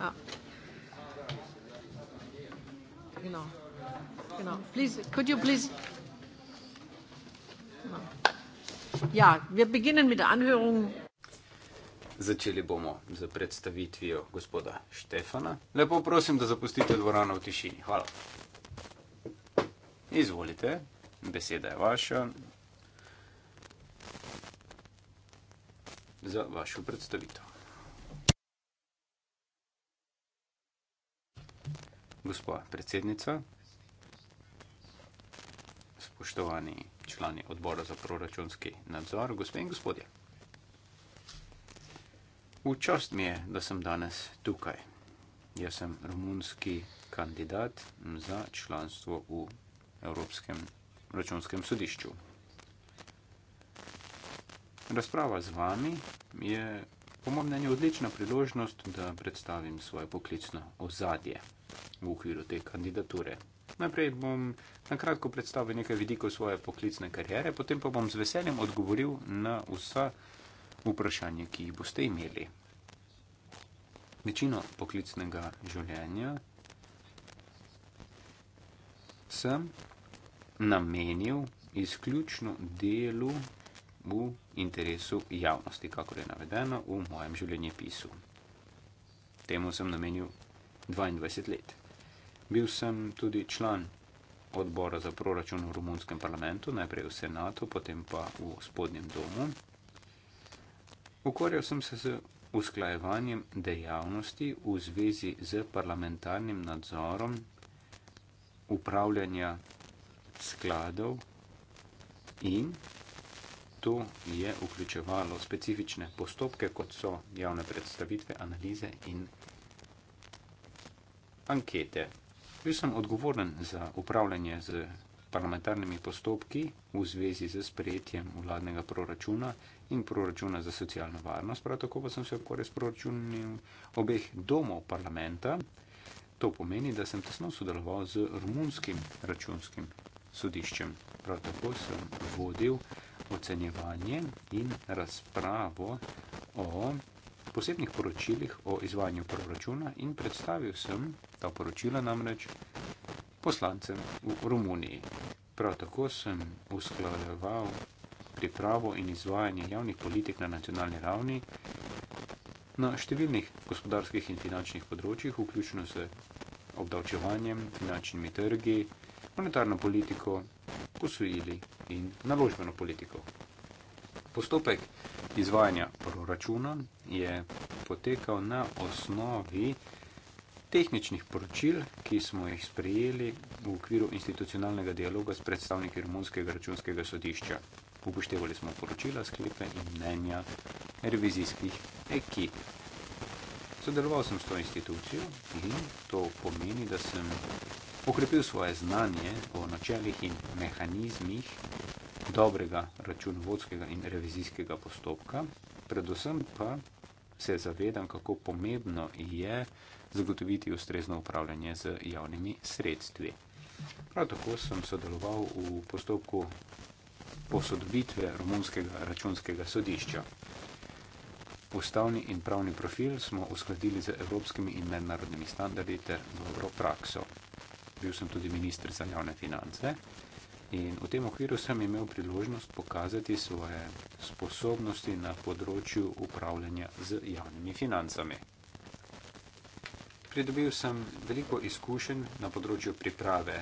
Ah. Genau. genau. Please, could you please? Ja, wir beginnen mit der Anhörung. Začeli bomo z predstavitvijo gospoda Štefana. Lepo prosim, da zapustite dvorano v tišini. Hvala. Izvolite, beseda je vaša. Za vašo predstavitev. gospod predsednica, spoštovani člani odbora za proračunski nadzor, gospe in gospodje. V čast mi je, da sem danes tukaj. Jaz sem romunski kandidat za članstvo v Evropskem računskem sodišču. Razprava z vami je po mojem mnenju odlična priložnost, da predstavim svoje poklicno ozadje v okviru te kandidature. Najprej bom na kratko predstavil nekaj vidikov svoje poklicne kariere, potem pa bom z veseljem odgovoril na vsa vprašanja, ki jih boste imeli. Večino poklicnega življenja sem namenil izključno delu v interesu javnosti, kako je navedeno v mojem življenjepisu. Temu sem namenil 22 let. Bil sem tudi član odbora za proračun v romunskem parlamentu, najprej v senatu, potem pa v spodnjem domu. Ukvarjal sem se z usklajevanjem dejavnosti v zvezi z parlamentarnim nadzorom upravljanja skladov in to je vključevalo specifične postopke, kot so javne predstavitve, analize in ankete. Bil sem odgovoren za upravljanje z parlamentarnimi postopki v zvezi z sprejetjem vladnega proračuna in proračuna za socialno varnost. Prav tako pa sem se ukvarjal s proračunom obeh domov parlamenta. To pomeni, da sem tesno sodeloval z romunskim računskim sodiščem. Prav tako sem vodil ocenjevanje in razpravo o posebnih poročilih o izvajanju proračuna in predstavil sem ta poročila namreč poslancem v Romuniji. Prav tako sem usklajeval pripravo in izvajanje javnih politik na nacionalni ravni na številnih gospodarskih in finančnih področjih, vključno s obdavčevanjem, finančnimi trgi, monetarno politiko, posojili in naložbeno politiko. Postopek izvajanja proračuna je potekal na osnovi tehničnih poročil, ki smo jih sprejeli v okviru institucionalnega dialoga s predstavniki Romunskega računskega sodišča. Upoštevali smo poročila, sklepe in mnenja revizijskih ekip. Sodeloval sem s to institucijo in to pomeni, da sem okrepil svoje znanje o načelih in mehanizmih dobrega računovodskega in revizijskega postopka, predvsem pa se zavedam, kako pomembno je zagotoviti ustrezno upravljanje z javnimi sredstvi. Prav tako sem sodeloval v postopku posodobitve romunskega računskega sodišča. Ustavni in pravni profil smo uskladili z evropskimi in mednarodnimi standardi ter dobro prakso. Bil sem tudi ministr za javne finance. In v tem okviru sem imel priložnost pokazati svoje sposobnosti na področju upravljanja z javnimi financami. Pridobil sem veliko izkušenj na področju priprave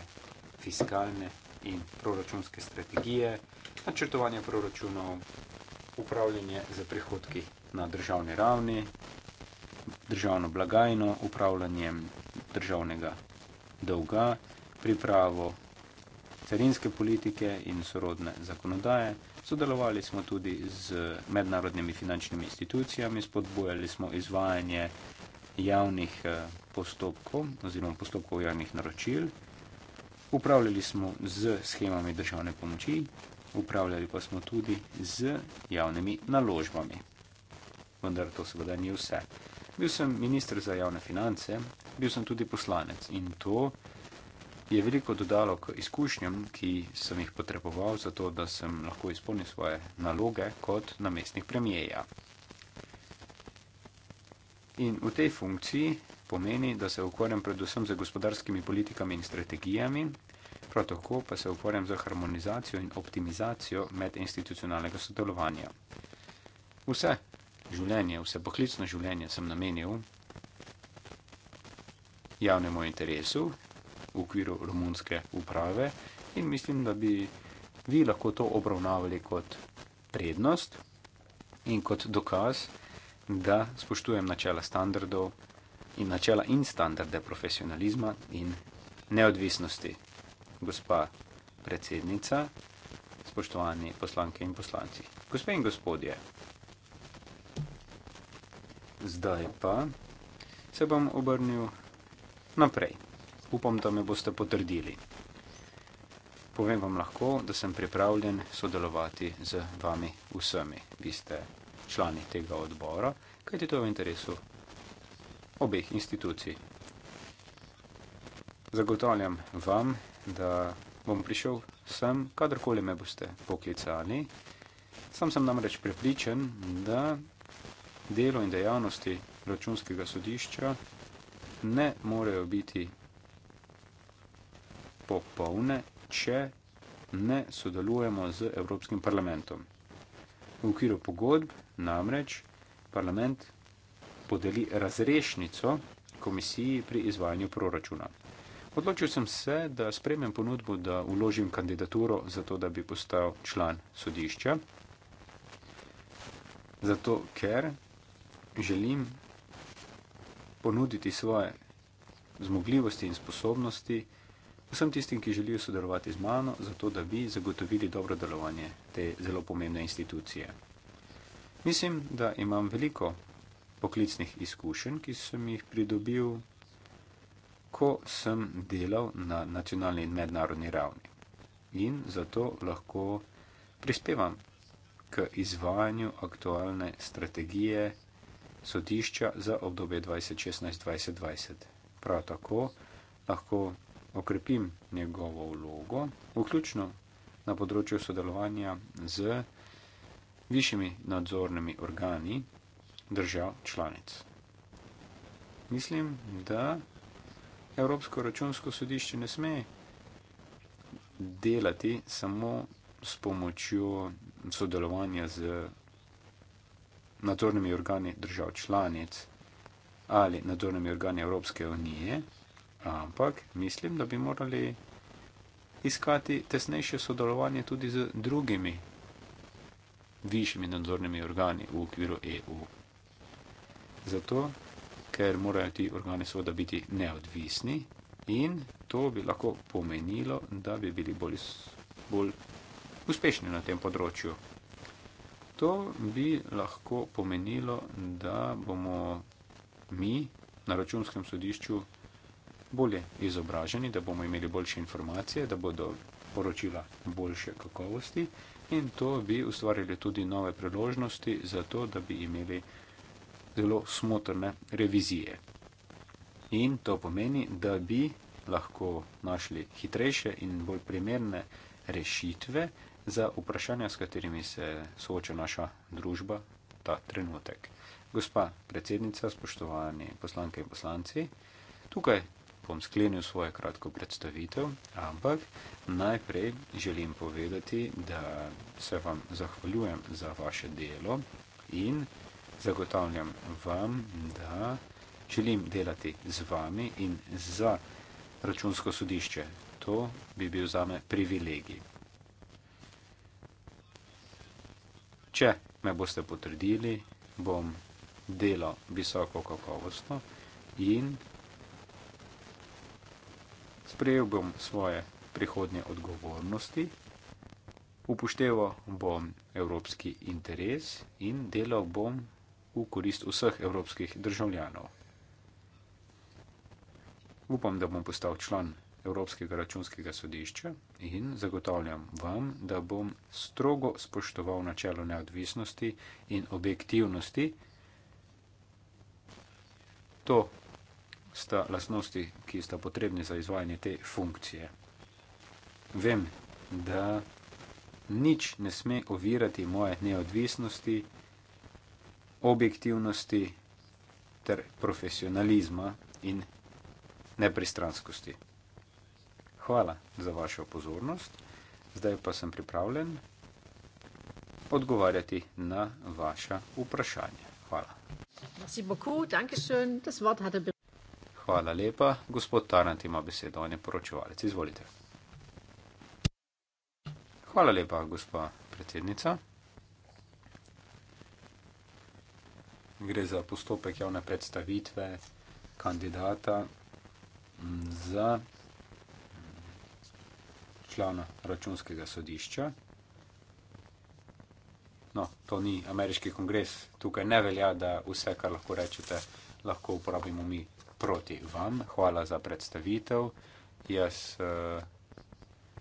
fiskalne in proračunske strategije, načrtovanja proračunov, upravljanje z prihodki na državni ravni, državno blagajno, upravljanjem državnega dolga, pripravo carinske politike in sorodne zakonodaje. Sodelovali smo tudi z mednarodnimi finančnimi institucijami, spodbujali smo izvajanje javnih eh, postopkov oziroma postopkov javnih naročil. Upravljali smo z schemami državne pomoči, upravljali pa smo tudi z javnimi naložbami. Vendar to seveda ni vse. Bil sem ministr za javne finance, bil sem tudi poslanec in to je veliko dodalo k izkušnjam, ki sem jih potreboval za to, da sem lahko izpolnil svoje naloge kot namestnik premijeja. In v tej funkciji pomeni, da se ukvarjam predvsem z gospodarskimi politikami in strategijami, prav tako pa se ukvarjam z harmonizacijo in optimizacijo medinstitucionalnega sodelovanja. Vse življenje, vse poklicno življenje sem namenil javnemu interesu, v okviru romunske uprave in mislim, da bi vi lahko to obravnavali kot prednost in kot dokaz, da spoštujem načela standardov in načela in standarde profesionalizma in neodvisnosti. Gospa predsednica, spoštovani poslanke in poslanci, gospe in gospodje, zdaj pa se bom obrnil naprej upam, da me boste potrdili. Povem vam lahko, da sem pripravljen sodelovati z vami vsemi. Vi ste člani tega odbora, kajti to je v interesu obeh institucij. Zagotavljam vam, da bom prišel sem, kadarkoli me boste poklicali. Sam sem namreč prepričan, da delo in dejavnosti računskega sodišča ne morejo biti popolne, če ne sodelujemo z Evropskim parlamentom. V okviru pogodb namreč parlament podeli razrešnico komisiji pri izvajanju proračuna. Odločil sem se, da spremem ponudbo, da uložim kandidaturo za to, da bi postal član sodišča, zato ker želim ponuditi svoje zmogljivosti in sposobnosti, Vsem tistim, ki želijo sodelovati z mano, zato da bi zagotovili dobro delovanje te zelo pomembne institucije. Mislim, da imam veliko poklicnih izkušenj, ki sem jih pridobil, ko sem delal na nacionalni in mednarodni ravni. In zato lahko prispevam k izvajanju aktualne strategije sodišča za obdobje 2016-2020. Prav tako lahko okrepim njegovo vlogo, vključno na področju sodelovanja z višjimi nadzornimi organi držav članic. Mislim, da Evropsko računsko sodišče ne sme delati samo s pomočjo sodelovanja z nadzornimi organi držav članic ali nadzornimi organi Evropske unije ampak mislim, da bi morali iskati tesnejše sodelovanje tudi z drugimi višjimi nadzornimi organi v okviru EU. Zato, ker morajo ti organi seveda biti neodvisni in to bi lahko pomenilo, da bi bili bolj, bolj uspešni na tem področju. To bi lahko pomenilo, da bomo mi na računskem sodišču bolje izobraženi, da bomo imeli boljše informacije, da bodo poročila boljše kakovosti in to bi ustvarili tudi nove priložnosti za to, da bi imeli zelo smotrne revizije. In to pomeni, da bi lahko našli hitrejše in bolj primerne rešitve za vprašanja, s katerimi se sooča naša družba ta trenutek. Gospa predsednica, spoštovani poslanke in poslanci, tukaj bom sklenil svojo kratko predstavitev, ampak najprej želim povedati, da se vam zahvaljujem za vaše delo in zagotavljam vam, da želim delati z vami in za računsko sodišče. To bi bil za me privilegij. Če me boste potrdili, bom delal visoko kakovostno in sprejel bom svoje prihodnje odgovornosti, upošteval bom evropski interes in delal bom v korist vseh evropskih državljanov. Upam, da bom postal član Evropskega računskega sodišča in zagotavljam vam, da bom strogo spoštoval načelo neodvisnosti in objektivnosti. To sta lasnosti, ki sta potrebni za izvajanje te funkcije. Vem, da nič ne sme ovirati moje neodvisnosti, objektivnosti ter profesionalizma in nepristranskosti. Hvala za vašo pozornost, zdaj pa sem pripravljen odgovarjati na vaša vprašanja. Hvala. Hvala lepa. Gospod Tarant ima besedo, on je poročevalec. Izvolite. Hvala lepa, gospa predsednica. Gre za postopek javne predstavitve kandidata mm, za člana računskega sodišča. No, to ni ameriški kongres, tukaj ne velja, da vse, kar lahko rečete, lahko uporabimo mi proti vam, hvala za predstavitev. Jaz uh,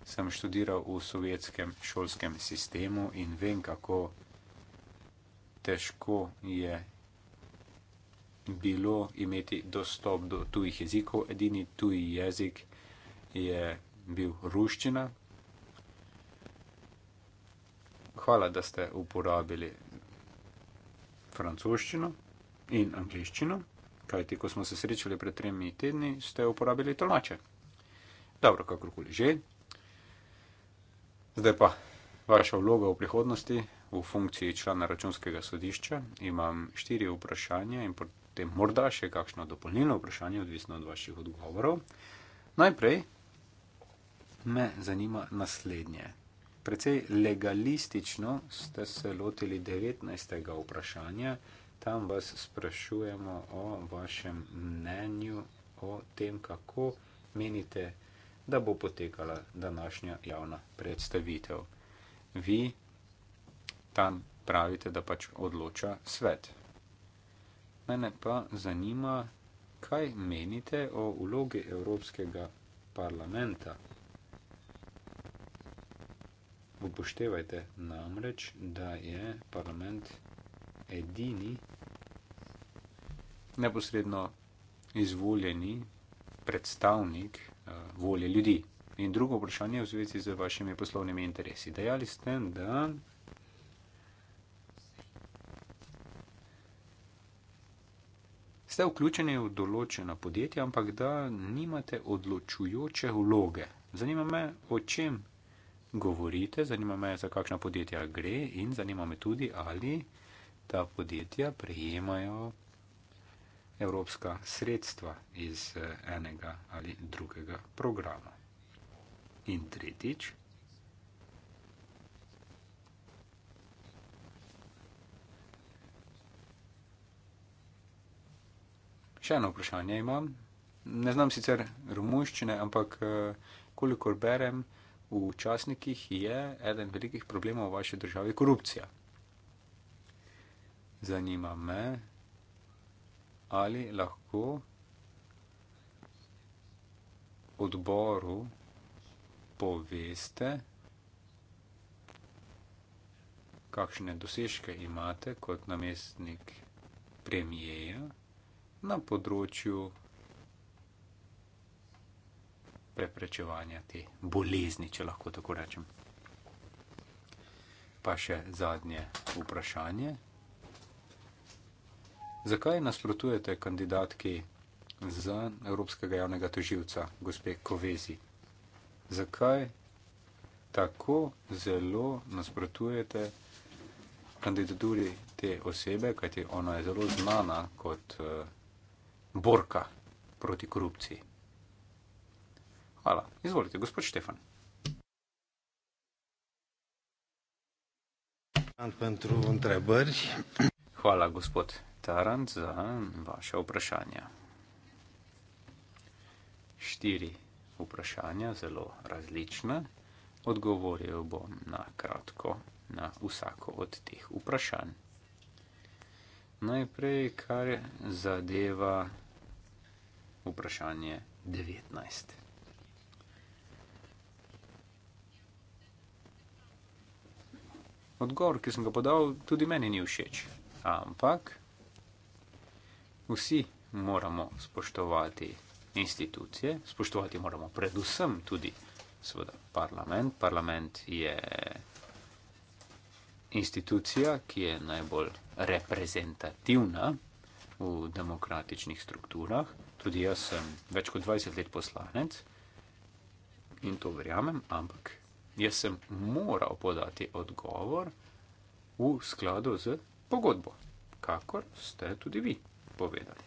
sem študiral v sovjetskem šolskem sistemu in vem, kako težko je bilo imeti dostop do tujih jezikov. Edini tuji jezik je bil ruščina. Hvala, da ste uporabili francoščino in angliščino. Kajti, ko smo se srečali pred tremi tedni, ste uporabili tolmače. Dobro, kakorkoli že. Zdaj pa vaša vloga v prihodnosti v funkciji člana računskega sodišča. Imam štiri vprašanja in potem morda še kakšno dopolnilno vprašanje, odvisno od vaših odgovorov. Najprej me zanima naslednje. Predvsej legalistično ste se lotili 19. vprašanja, Tam vas sprašujemo o vašem mnenju, o tem, kako menite, da bo potekala današnja javna predstavitev. Vi tam pravite, da pač odloča svet. Mene pa zanima, kaj menite o vlogi Evropskega parlamenta. Upoštevajte namreč, da je parlament edini neposredno izvoljeni predstavnik eh, volje ljudi. In drugo vprašanje v zvezi z vašimi poslovnimi interesi. Dejali ste, da ste vključeni v določena podjetja, ampak da nimate odločujoče vloge. Zanima me, o čem govorite, zanima me, za kakšna podjetja gre in zanima me tudi, ali ta podjetja prejemajo evropska sredstva iz eh, enega ali drugega programa. In tretjič, še eno vprašanje imam. Ne znam sicer rumunščine, ampak eh, kolikor berem, v časnikih je eden velikih problemov v vaši državi korupcija zanima me, ali lahko odboru poveste, kakšne dosežke imate kot namestnik premijeja na področju preprečevanja te bolezni, če lahko tako rečem. Pa še zadnje vprašanje. Zakaj nasprotujete kandidatki za Evropskega javnega toživca, gospe Kovezi? Zakaj tako zelo nasprotujete kandidaturi te osebe, kajti ona je zelo znana kot uh, borka proti korupciji? Hvala. Izvolite, gospod Štefan. Hvala, gospod Tarant za vaše vprašanje. Štiri vprašanja, zelo različna. Odgovoril bom na kratko na vsako od teh vprašanj. Najprej, kar zadeva vprašanje 19. Odgovor, ki sem ga podal, tudi meni ni všeč. Ampak vsi moramo spoštovati institucije, spoštovati moramo predvsem tudi seveda, parlament. Parlament je institucija, ki je najbolj reprezentativna v demokratičnih strukturah. Tudi jaz sem več kot 20 let poslanec in to verjamem, ampak jaz sem moral podati odgovor v skladu z pogodbo, kakor ste tudi vi povedali.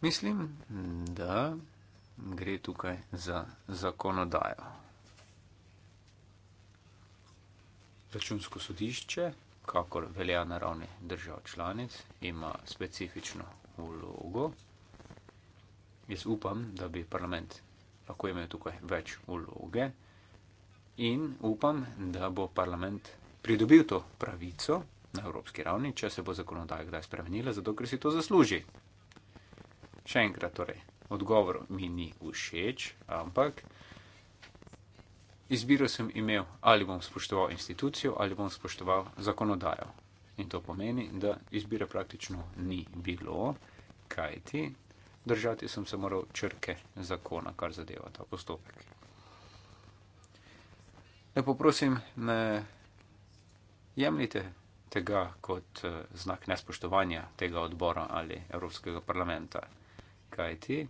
Mislim, da gre tukaj za zakonodajo. Računsko sodišče, kakor velja na ravni držav članic, ima specifično vlogo. Jaz upam, da bi parlament lahko imel tukaj več vloge in upam, da bo parlament pridobil to pravico na evropski ravni, če se bo zakonodaja kdaj spremenila, zato ker si to zasluži. Še enkrat torej, odgovor mi ni všeč, ampak izbiro sem imel, ali bom spoštoval institucijo, ali bom spoštoval zakonodajo. In to pomeni, da izbire praktično ni bilo, kajti držati sem se moral črke zakona, kar zadeva ta postopek. Lepo prosim, ne jemljite tega kot eh, znak nespoštovanja tega odbora ali Evropskega parlamenta. Kaj ti?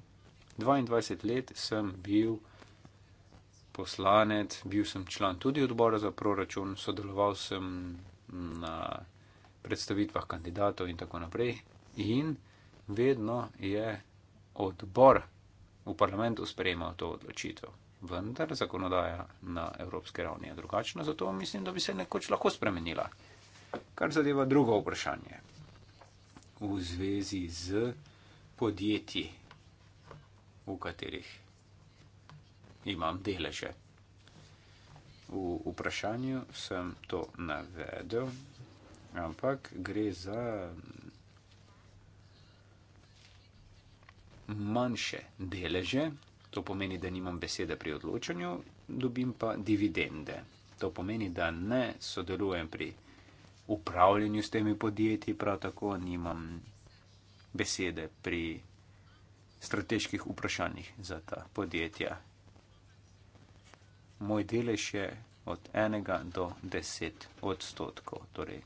22 let sem bil poslanec, bil sem član tudi odbora za proračun, sodeloval sem na predstavitvah kandidatov in tako naprej. In vedno je odbor v parlamentu sprejemal to odločitev vendar zakonodaja na evropske ravni je drugačna, zato mislim, da bi se nekoč lahko spremenila. Kar zadeva drugo vprašanje v zvezi z podjetji, v katerih imam deleže. V vprašanju sem to navedel, ampak gre za manjše deleže, To pomeni, da nimam besede pri odločanju, dobim pa dividende. To pomeni, da ne sodelujem pri upravljanju s temi podjetji, prav tako nimam besede pri strateških vprašanjih za ta podjetja. Moj delež je od 1 do 10 odstotkov, torej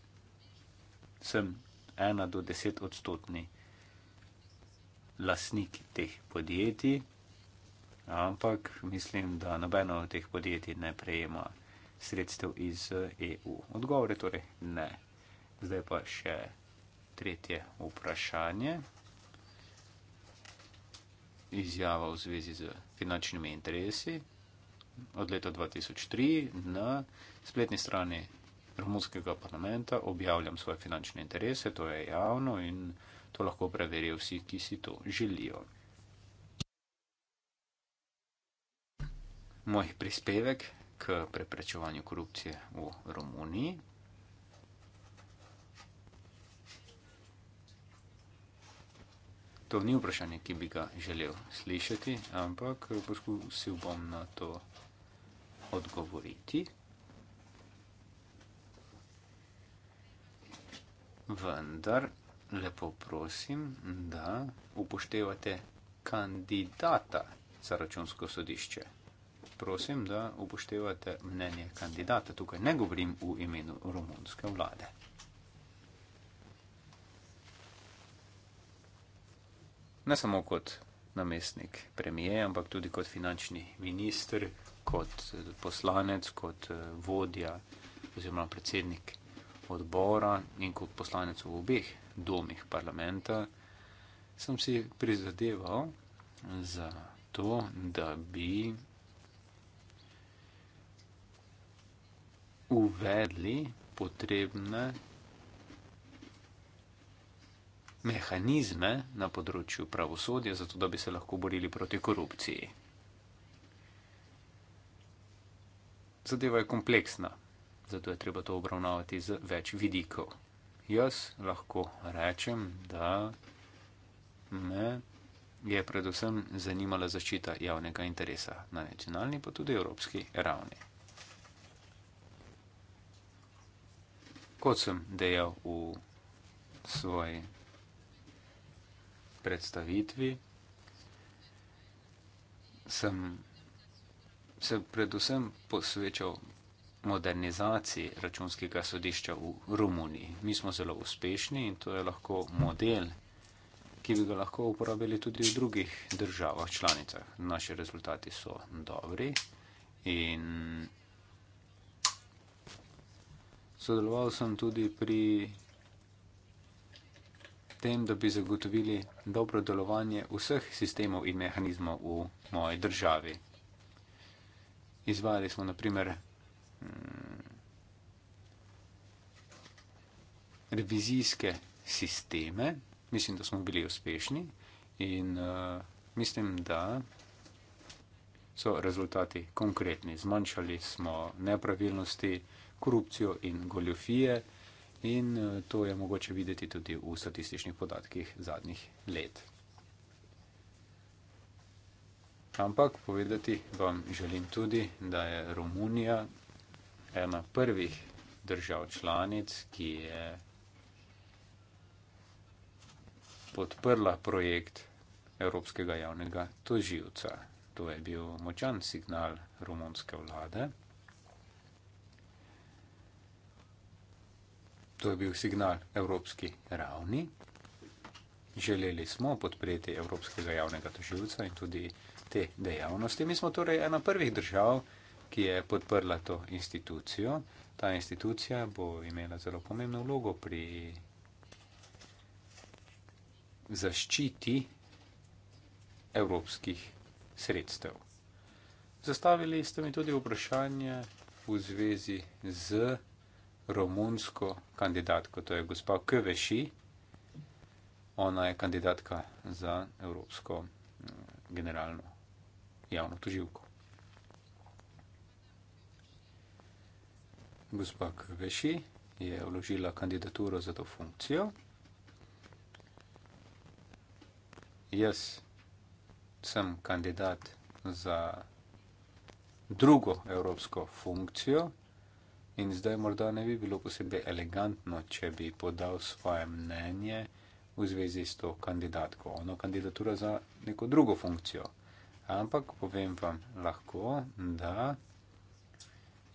sem 1 do 10 odstotni lasnik teh podjetij ampak mislim, da nobeno od teh podjetij ne prejema sredstev iz EU. Eh, e Odgovor je torej ne. Zdaj pa še tretje vprašanje. Izjava v zvezi z finančnimi interesi od leta 2003 na spletni strani Romunskega parlamenta objavljam svoje finančne interese, to je javno in to lahko preverijo vsi, ki si to želijo. moj prispevek k preprečevanju korupcije v Romuniji. To ni vprašanje, ki bi ga želel slišati, ampak poskusil bom na to odgovoriti. Vendar lepo prosim, da upoštevate kandidata za računsko sodišče prosim, da upoštevate mnenje kandidata. Tukaj ne govorim v imenu romunske vlade. Ne samo kot namestnik premije, ampak tudi kot finančni minister, kot eh, poslanec, kot eh, vodja oziroma predsednik odbora in kot poslanec v obeh domih parlamenta, sem si prizadeval za to, da bi uvedli potrebne mehanizme na področju pravosodja, zato da bi se lahko borili proti korupciji. Zadeva je kompleksna, zato je treba to obravnavati z več vidikov. Jaz lahko rečem, da me je predvsem zanimala zaščita javnega interesa na nacionalni pa tudi evropski ravni. kot sem dejal v svoji predstavitvi, sem se predvsem posvečal modernizaciji računskega sodišča v Romuniji. Mi smo zelo uspešni in to je lahko model, ki bi ga lahko uporabili tudi v drugih državah članicah. Naši rezultati so dobri in Sodeloval sem tudi pri tem, da bi zagotovili dobro delovanje vseh sistemov in mehanizmov v moji državi. Izvajali smo naprimer mm, revizijske sisteme, mislim, da smo bili uspešni in uh, mislim, da so rezultati konkretni. Zmanjšali smo nepravilnosti, uh, korupcijo in goljofije. In eh, to je mogoče videti tudi v statističnih podatkih zadnjih let. Ampak povedati vam želim tudi, da je Romunija ena prvih držav članic, ki je podprla projekt Evropskega javnega toživca. To je bil močan signal romunske vlade. To je bil signal evropski ravni. Želeli smo podpreti evropskega javnega toživca in tudi te dejavnosti. Mi smo torej ena prvih držav, ki je podprla to institucijo. Ta institucija bo imela zelo pomembno vlogo pri zaščiti evropskih sredstev. Zastavili ste mi tudi vprašanje v zvezi z romunsko kandidatko, to je gospa Köveši, ona je kandidatka za Evropsko mm, generalno javno tuživko. Gospa Köveši je vložila kandidaturo za to funkcijo. Jaz sem kandidat za drugo evropsko funkcijo, In zdaj morda ne bi bilo posebej elegantno, če bi podal svoje mnenje v zvezi s to kandidatko. Ono kandidatura za neko drugo funkcijo. Ampak povem vam lahko, da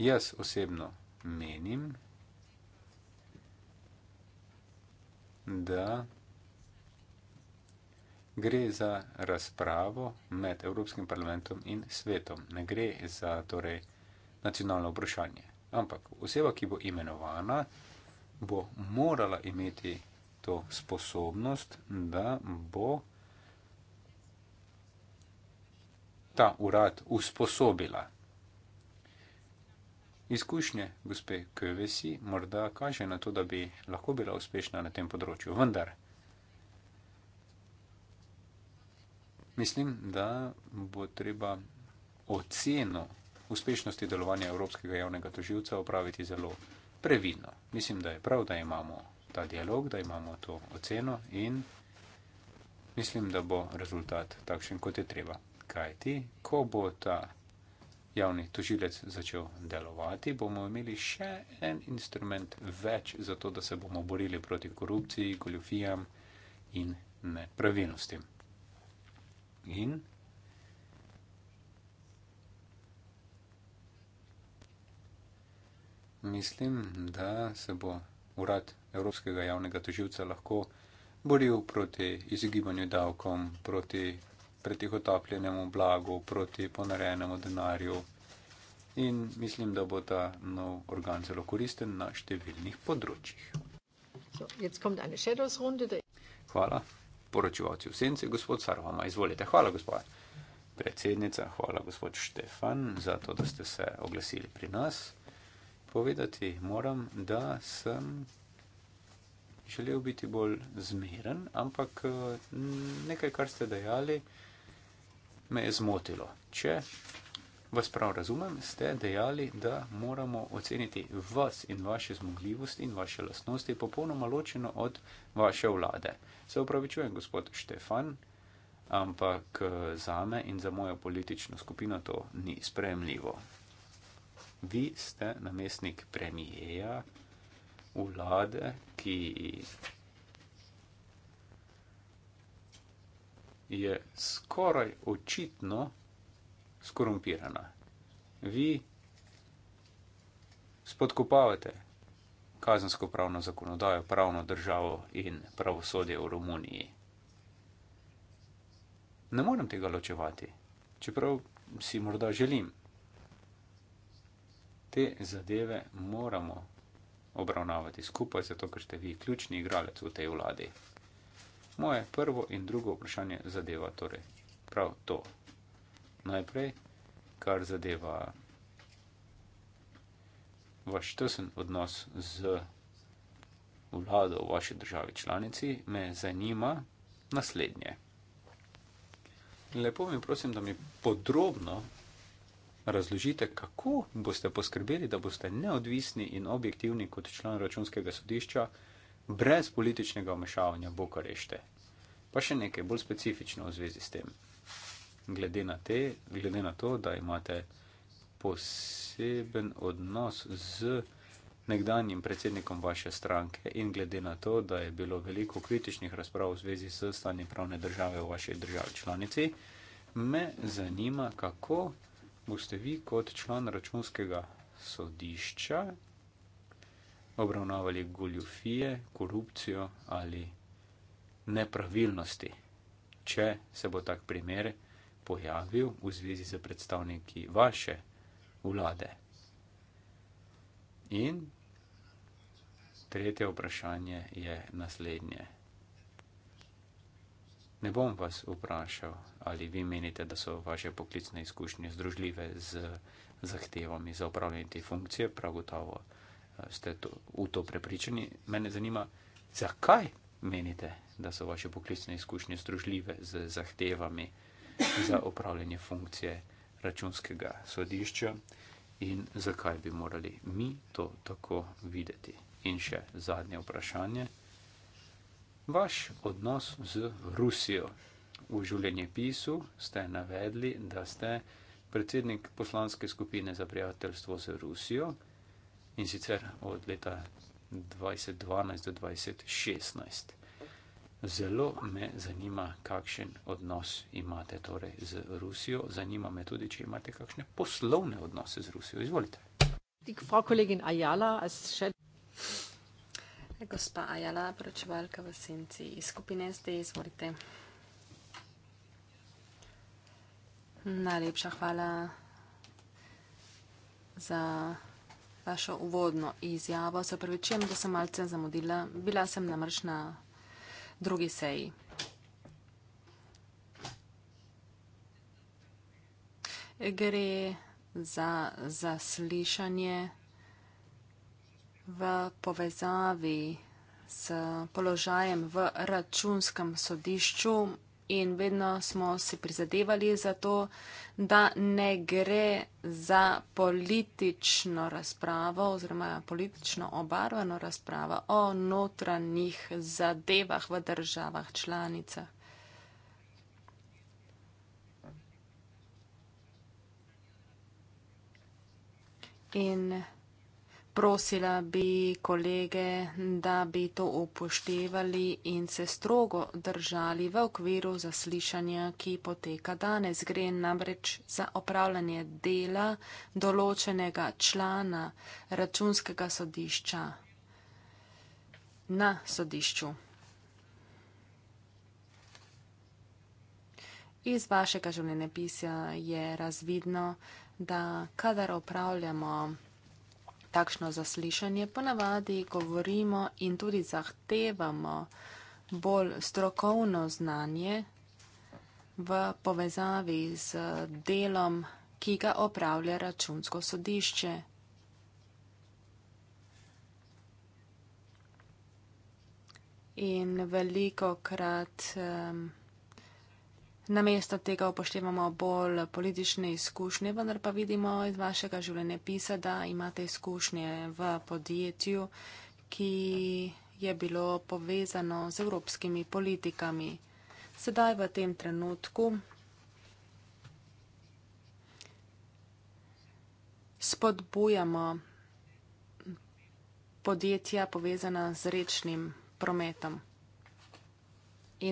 jaz osebno menim, da gre za razpravo med Evropskim parlamentom in svetom. Ne gre za torej nacionalno vprašanje. Ampak oseba, ki bo imenovana, bo morala imeti to sposobnost, da bo ta urad usposobila. Izkušnje gospe Kövesi morda kaže na to, da bi lahko bila uspešna na tem področju, vendar mislim, da bo treba oceno uspešnosti delovanja Evropskega javnega toživca opraviti zelo previdno. Mislim, da je prav, da imamo ta dialog, da imamo to oceno in mislim, da bo rezultat takšen, kot je treba. Kaj ti, ko bo ta javni tožilec začel delovati, bomo imeli še en instrument več za to, da se bomo borili proti korupciji, goljofijam in nepravilnostim. In mislim, da se bo urad Evropskega javnega toživca lahko boril proti izogibanju davkom, proti pretihotapljenemu blagu, proti ponarejenemu denarju. In mislim, da bo ta nov organ zelo koristen na številnih področjih. Hvala. Poročevalci v senci, gospod Sarvama, izvolite. Hvala, gospod predsednica, hvala, gospod Štefan, za to, da ste se oglasili pri nas povedati moram, da sem želel biti bolj zmeren, ampak eh, nekaj, kar ste dejali, me je zmotilo. Če vas prav razumem, ste dejali, da moramo oceniti vas in vaše zmogljivosti in vaše lasnosti popolnoma ločeno od vaše vlade. Se upravičujem, gospod Štefan, ampak eh, za me in za mojo politično skupino to ni sprejemljivo vi ste namestnik premijeja vlade, ki je skoraj očitno skorumpirana. Vi spodkopavate kazensko pravno zakonodajo, pravno državo in pravosodje v Romuniji. Ne morem tega ločevati, čeprav si morda želim te zadeve moramo obravnavati skupaj, zato ker ste vi ključni igralec v tej vladi. Moje prvo in drugo vprašanje zadeva torej prav to. Najprej, kar zadeva vaš tesen odnos z vlado v vaši državi članici, me zanima naslednje. Lepo mi prosim, da mi podrobno razložite, kako boste poskrbeli, da boste neodvisni in objektivni kot član računskega sodišča, brez političnega omešavanja, bo kar rešite. Pa še nekaj bolj specifično v zvezi s tem. Glede na, te, glede na to, da imate poseben odnos z nekdanjim predsednikom vaše stranke in glede na to, da je bilo veliko kritičnih razprav v zvezi s stanjem pravne države v vaši državi članici, me zanima, kako boste vi kot član računskega sodišča obravnavali goljufije, korupcijo ali nepravilnosti, če se bo tak primer pojavil v zvezi z predstavniki vaše vlade. In tretje vprašanje je naslednje. Ne bom vas vprašal, ali vi menite, da so vaše poklicne izkušnje združljive z zahtevami za upravljanje te funkcije, prav gotovo eh, ste to, v to prepričani. Mene zanima, zakaj menite, da so vaše poklicne izkušnje združljive z zahtevami za upravljanje funkcije računskega sodišča in zakaj bi morali mi to tako videti. In še zadnje vprašanje vaš odnos z Rusijo. V življenje pisu ste navedli, da ste predsednik poslanske skupine za prijateljstvo z Rusijo in sicer od leta 2012 do 2016. Zelo me zanima, kakšen odnos imate torej z Rusijo. Zanima me tudi, če imate kakšne poslovne odnose z Rusijo. Izvolite. Frau Kollegin Ayala, als Chef. Gospa Ajala, poročevalka v Senci iz skupine SD, izvolite. Najlepša hvala za vašo uvodno izjavo. Se prevečujem, da sem malce zamudila. Bila sem namreč na drugi seji. Gre za zaslišanje v povezavi s položajem v računskem sodišču in vedno smo si prizadevali za to, da ne gre za politično razpravo oziroma politično obarvano razpravo o notranjih zadevah v državah članicah. In Prosila bi kolege, da bi to upoštevali in se strogo držali v okviru zaslišanja, ki poteka danes. Gre namreč za opravljanje dela določenega člana računskega sodišča na sodišču. Iz vašega življenjepisa je razvidno, da kadar opravljamo takšno zaslišanje ponavadi govorimo in tudi zahtevamo bolj strokovno znanje v povezavi z delom, ki ga opravlja računsko sodišče. In veliko krat um, Namesto tega upoštevamo bolj politične izkušnje, vendar pa vidimo iz vašega življenja pisa, da imate izkušnje v podjetju, ki je bilo povezano z evropskimi politikami. Sedaj v tem trenutku spodbujamo podjetja povezana z rečnim prometom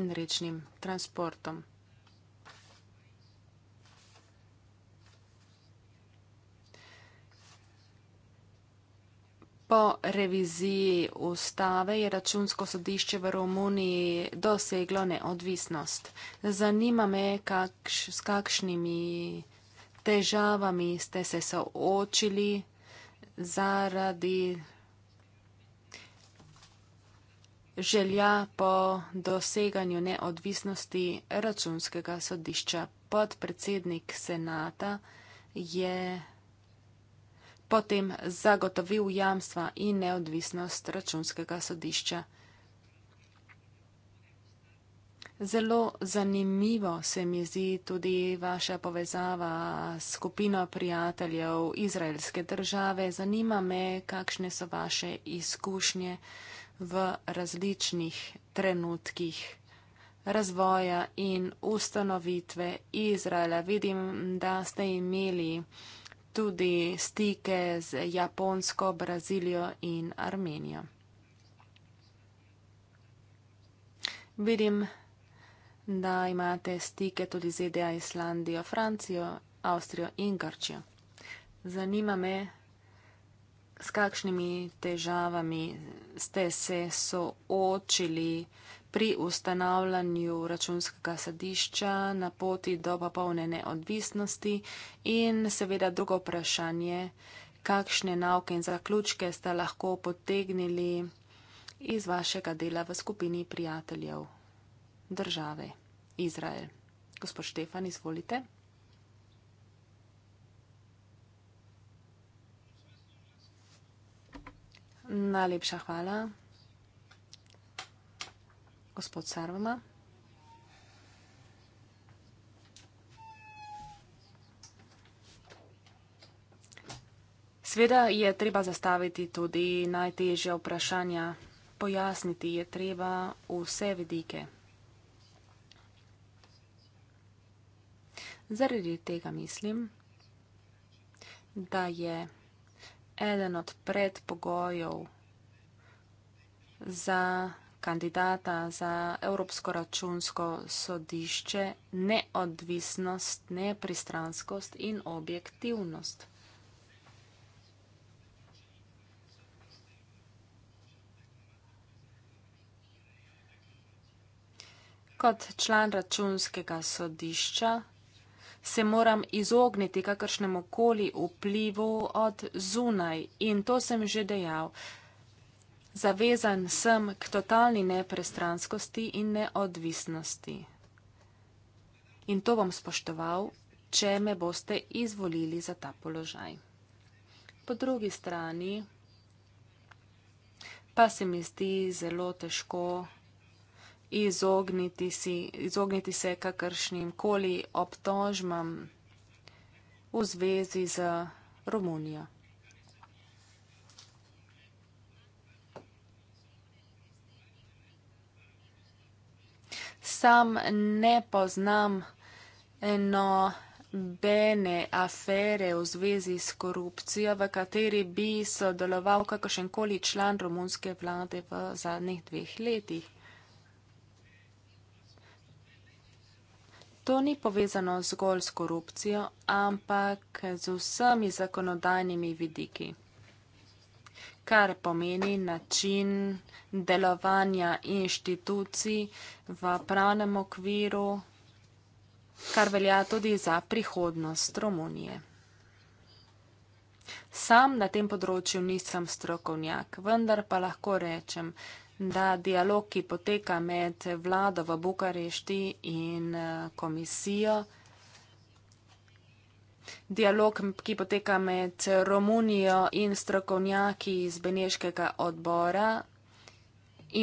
in rečnim transportom. Po reviziji ustave je računsko sodišče v Romuniji doseglo neodvisnost. Zanima me, kakš, s kakšnimi težavami ste se soočili zaradi želja po doseganju neodvisnosti računskega sodišča. Podpredsednik senata je potem zagotovil jamstva in neodvisnost računskega sodišča. Zelo zanimivo se mi zdi tudi vaša povezava s skupino prijateljev izraelske države. Zanima me, kakšne so vaše izkušnje v različnih trenutkih razvoja in ustanovitve Izraela. Vidim, da ste imeli uh, tudi stike z Japonsko, Brazilijo in Armenijo. Vidim, da imate stike tudi z EDA, Islandijo, Francijo, Avstrijo in Grčijo. Zanima me, s kakšnimi težavami ste se soočili pri ustanavljanju računskega sadišča na poti do popolne neodvisnosti in seveda drugo vprašanje, kakšne nauke in zaključke ste lahko potegnili iz vašega dela v skupini prijateljev države Izrael. Gospod Štefan, izvolite. Najlepša hvala gospod Sarvama. Sveda je treba zastaviti tudi najtežje vprašanja, pojasniti je treba vse vidike. Zaradi tega mislim, da je eden od predpogojev za kandidata za Evropsko računsko sodišče neodvisnost, nepristranskost in objektivnost. Kot član računskega sodišča se moram izogniti kakršnemu koli vplivu od zunaj in to sem že dejal. Zavezan sem k totalni neprestranskosti in neodvisnosti. In to bom spoštoval, če me boste izvolili za ta položaj. Po drugi strani pa se mi zdi zelo težko izogniti, si, izogniti se kakršnim koli obtožbam v zvezi z Romunijo. sam ne poznam nobene afere v zvezi s korupcijo, v kateri bi sodeloval kakršenkoli član romunske vlade v zadnjih dveh letih. To ni povezano zgolj s korupcijo, ampak z vsemi zakonodajnimi vidiki kar pomeni način delovanja inštitucij v pravnem okviru, kar velja tudi za prihodnost Romunije. Sam na tem področju nisem strokovnjak, vendar pa lahko rečem, da dialog, ki poteka med vlado v Bukarešti in eh, komisijo, dialog, ki poteka med Romunijo in strokovnjaki iz Beneškega odbora,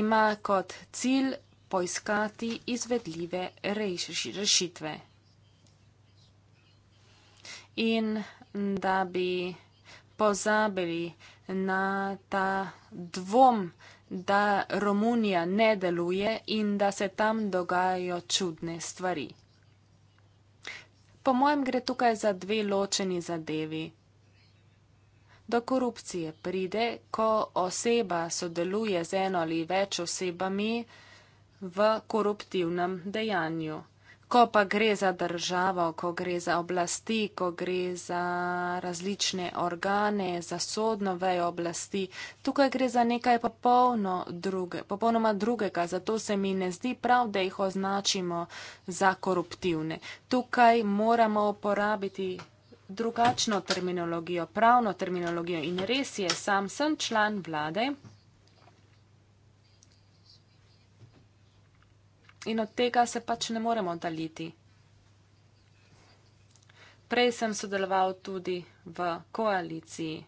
ima kot cilj poiskati izvedljive rešitve. In da bi pozabili na ta dvom, da Romunija ne deluje in da se tam dogajajo čudne stvari. Po mojem gre tukaj za dve ločeni zadevi. Do korupcije pride, ko oseba sodeluje z eno ali več osebami v koruptivnem dejanju ko pa gre za državo, ko gre za oblasti, ko gre za različne organe, za sodno vejo oblasti, tukaj gre za nekaj popolno druge, popolnoma drugega, zato se mi ne zdi prav, da jih označimo za koruptivne. Tukaj moramo uporabiti drugačno terminologijo, pravno terminologijo in res je, sam sem član vlade. in od tega se pač ne moremo daliti. Prej sem sodeloval tudi v koaliciji.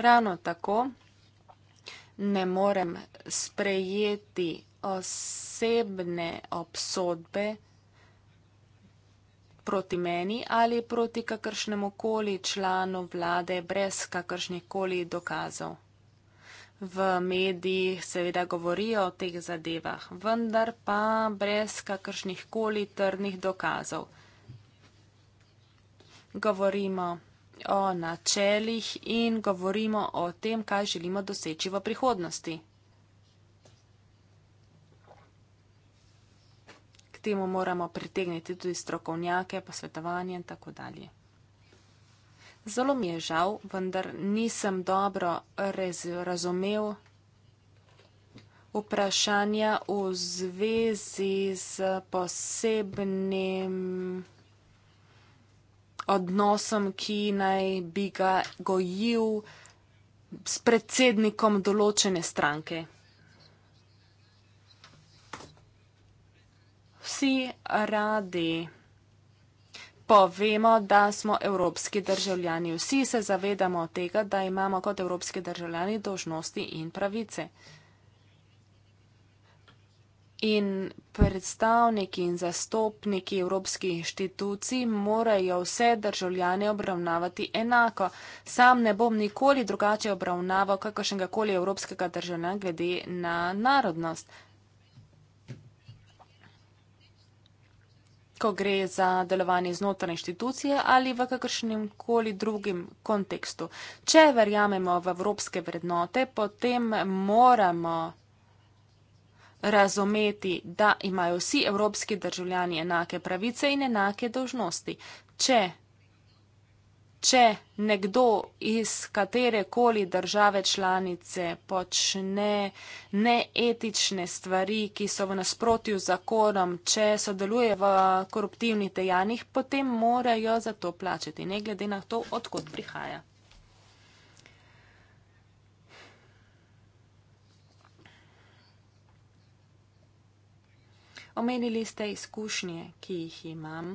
Ravno tako ne morem sprejeti osebne obsodbe, proti meni ali proti kakršnemu koli članu vlade brez kakršnih koli dokazov. V medijih seveda govorijo o teh zadevah, vendar pa brez kakršnih koli trdnih dokazov. Govorimo o načelih in govorimo o tem, kaj želimo doseči v prihodnosti. temu moramo pritegniti tudi strokovnjake, posvetovanje in tako dalje. Zelo mi je žal, vendar nisem dobro rez, razumel vprašanja v zvezi z posebnim odnosom, ki naj bi ga gojil s predsednikom določene stranke. vsi radi povemo, da smo evropski državljani. Vsi se zavedamo tega, da imamo kot evropski državljani dožnosti in pravice. In predstavniki in zastopniki evropskih inštitucij morajo vse državljane obravnavati enako. Sam ne bom nikoli drugače obravnaval kakršnega koli evropskega državljana glede na narodnost. ko gre za delovanje znotraj inštitucije ali v kakršnem koli drugim kontekstu. Če verjamemo v evropske vrednote, potem moramo razumeti, da imajo vsi evropski državljani enake pravice in enake dožnosti. Če če nekdo iz katere koli države članice počne neetične stvari, ki so v nasprotju z zakonom, če sodeluje v koruptivnih dejanjih, potem morajo za to plačati, ne glede na to, odkot prihaja. Omenili ste izkušnje, ki jih imam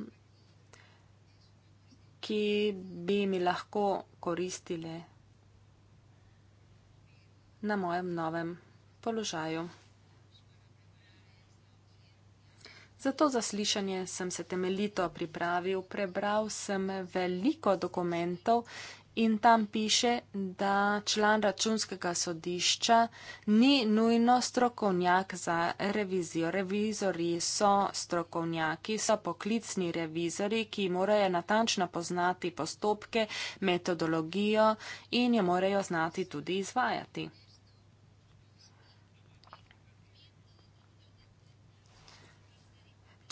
ki bi mi lahko koristile na mojem novem položaju. Za to zaslišanje sem se temeljito pripravil, prebral sem veliko dokumentov, in tam piše, da član računskega sodišča ni nujno strokovnjak za revizijo. Revizori so strokovnjaki, so poklicni revizori, ki morajo natančno poznati postopke, metodologijo in jo morajo znati tudi izvajati.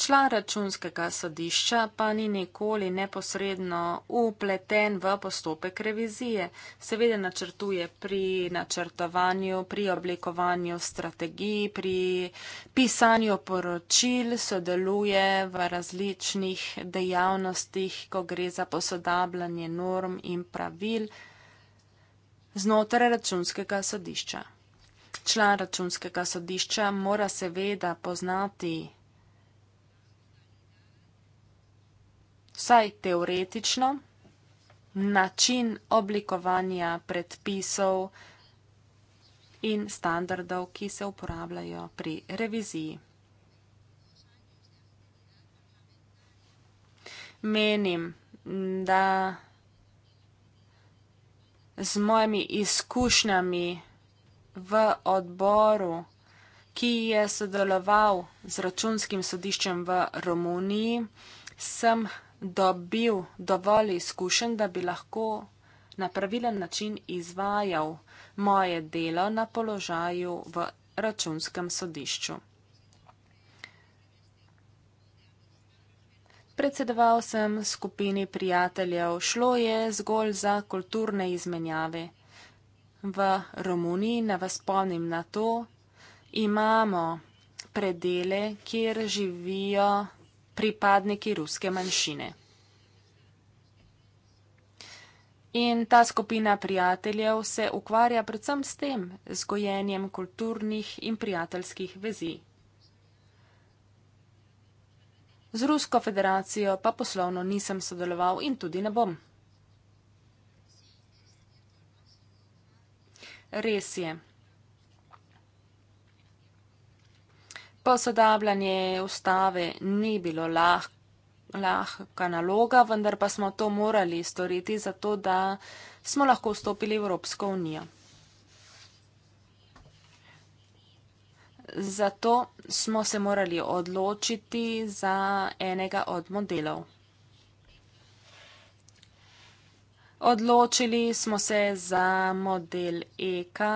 Član računskega sodišča pa ni nikoli neposredno upleten v postopek revizije. Seveda načrtuje pri načrtovanju, pri oblikovanju strategij, pri pisanju poročil, sodeluje v različnih dejavnostih, ko gre za posodabljanje norm in pravil znotraj računskega sodišča. Član računskega sodišča mora seveda poznati vsaj teoretično, način oblikovanja predpisov in standardov, ki se uporabljajo pri reviziji. Menim, da z mojimi izkušnjami v odboru, ki je sodeloval z računskim sodiščem v Romuniji, sem dobil dovolj izkušenj, da bi lahko na pravilen način izvajal moje delo na položaju v računskem sodišču. Predsedoval sem skupini prijateljev, šlo je zgolj za kulturne izmenjave. V Romuniji, ne vas spomnim na to, imamo predele, kjer živijo pripadniki ruske manjšine. In ta skupina prijateljev se ukvarja predvsem s tem, z gojenjem kulturnih in prijateljskih vezi. Z Rusko federacijo pa poslovno nisem sodeloval in tudi ne bom. Res je. Posodabljanje ustave ni bilo lah, lahka naloga, vendar pa smo to morali storiti, zato da smo lahko vstopili v Evropsko unijo. Zato smo se morali odločiti za enega od modelov. Odločili smo se za model EKA,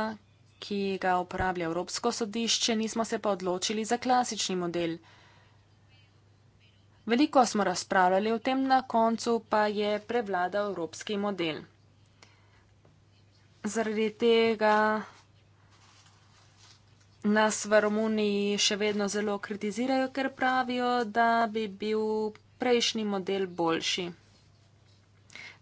ki ga uporablja Evropsko sodišče, nismo se pa odločili za klasični model. Veliko smo razpravljali o tem, na koncu pa je prevladal evropski model. Zaradi tega nas v Romuniji še vedno zelo kritizirajo, ker pravijo, da bi bil prejšnji model boljši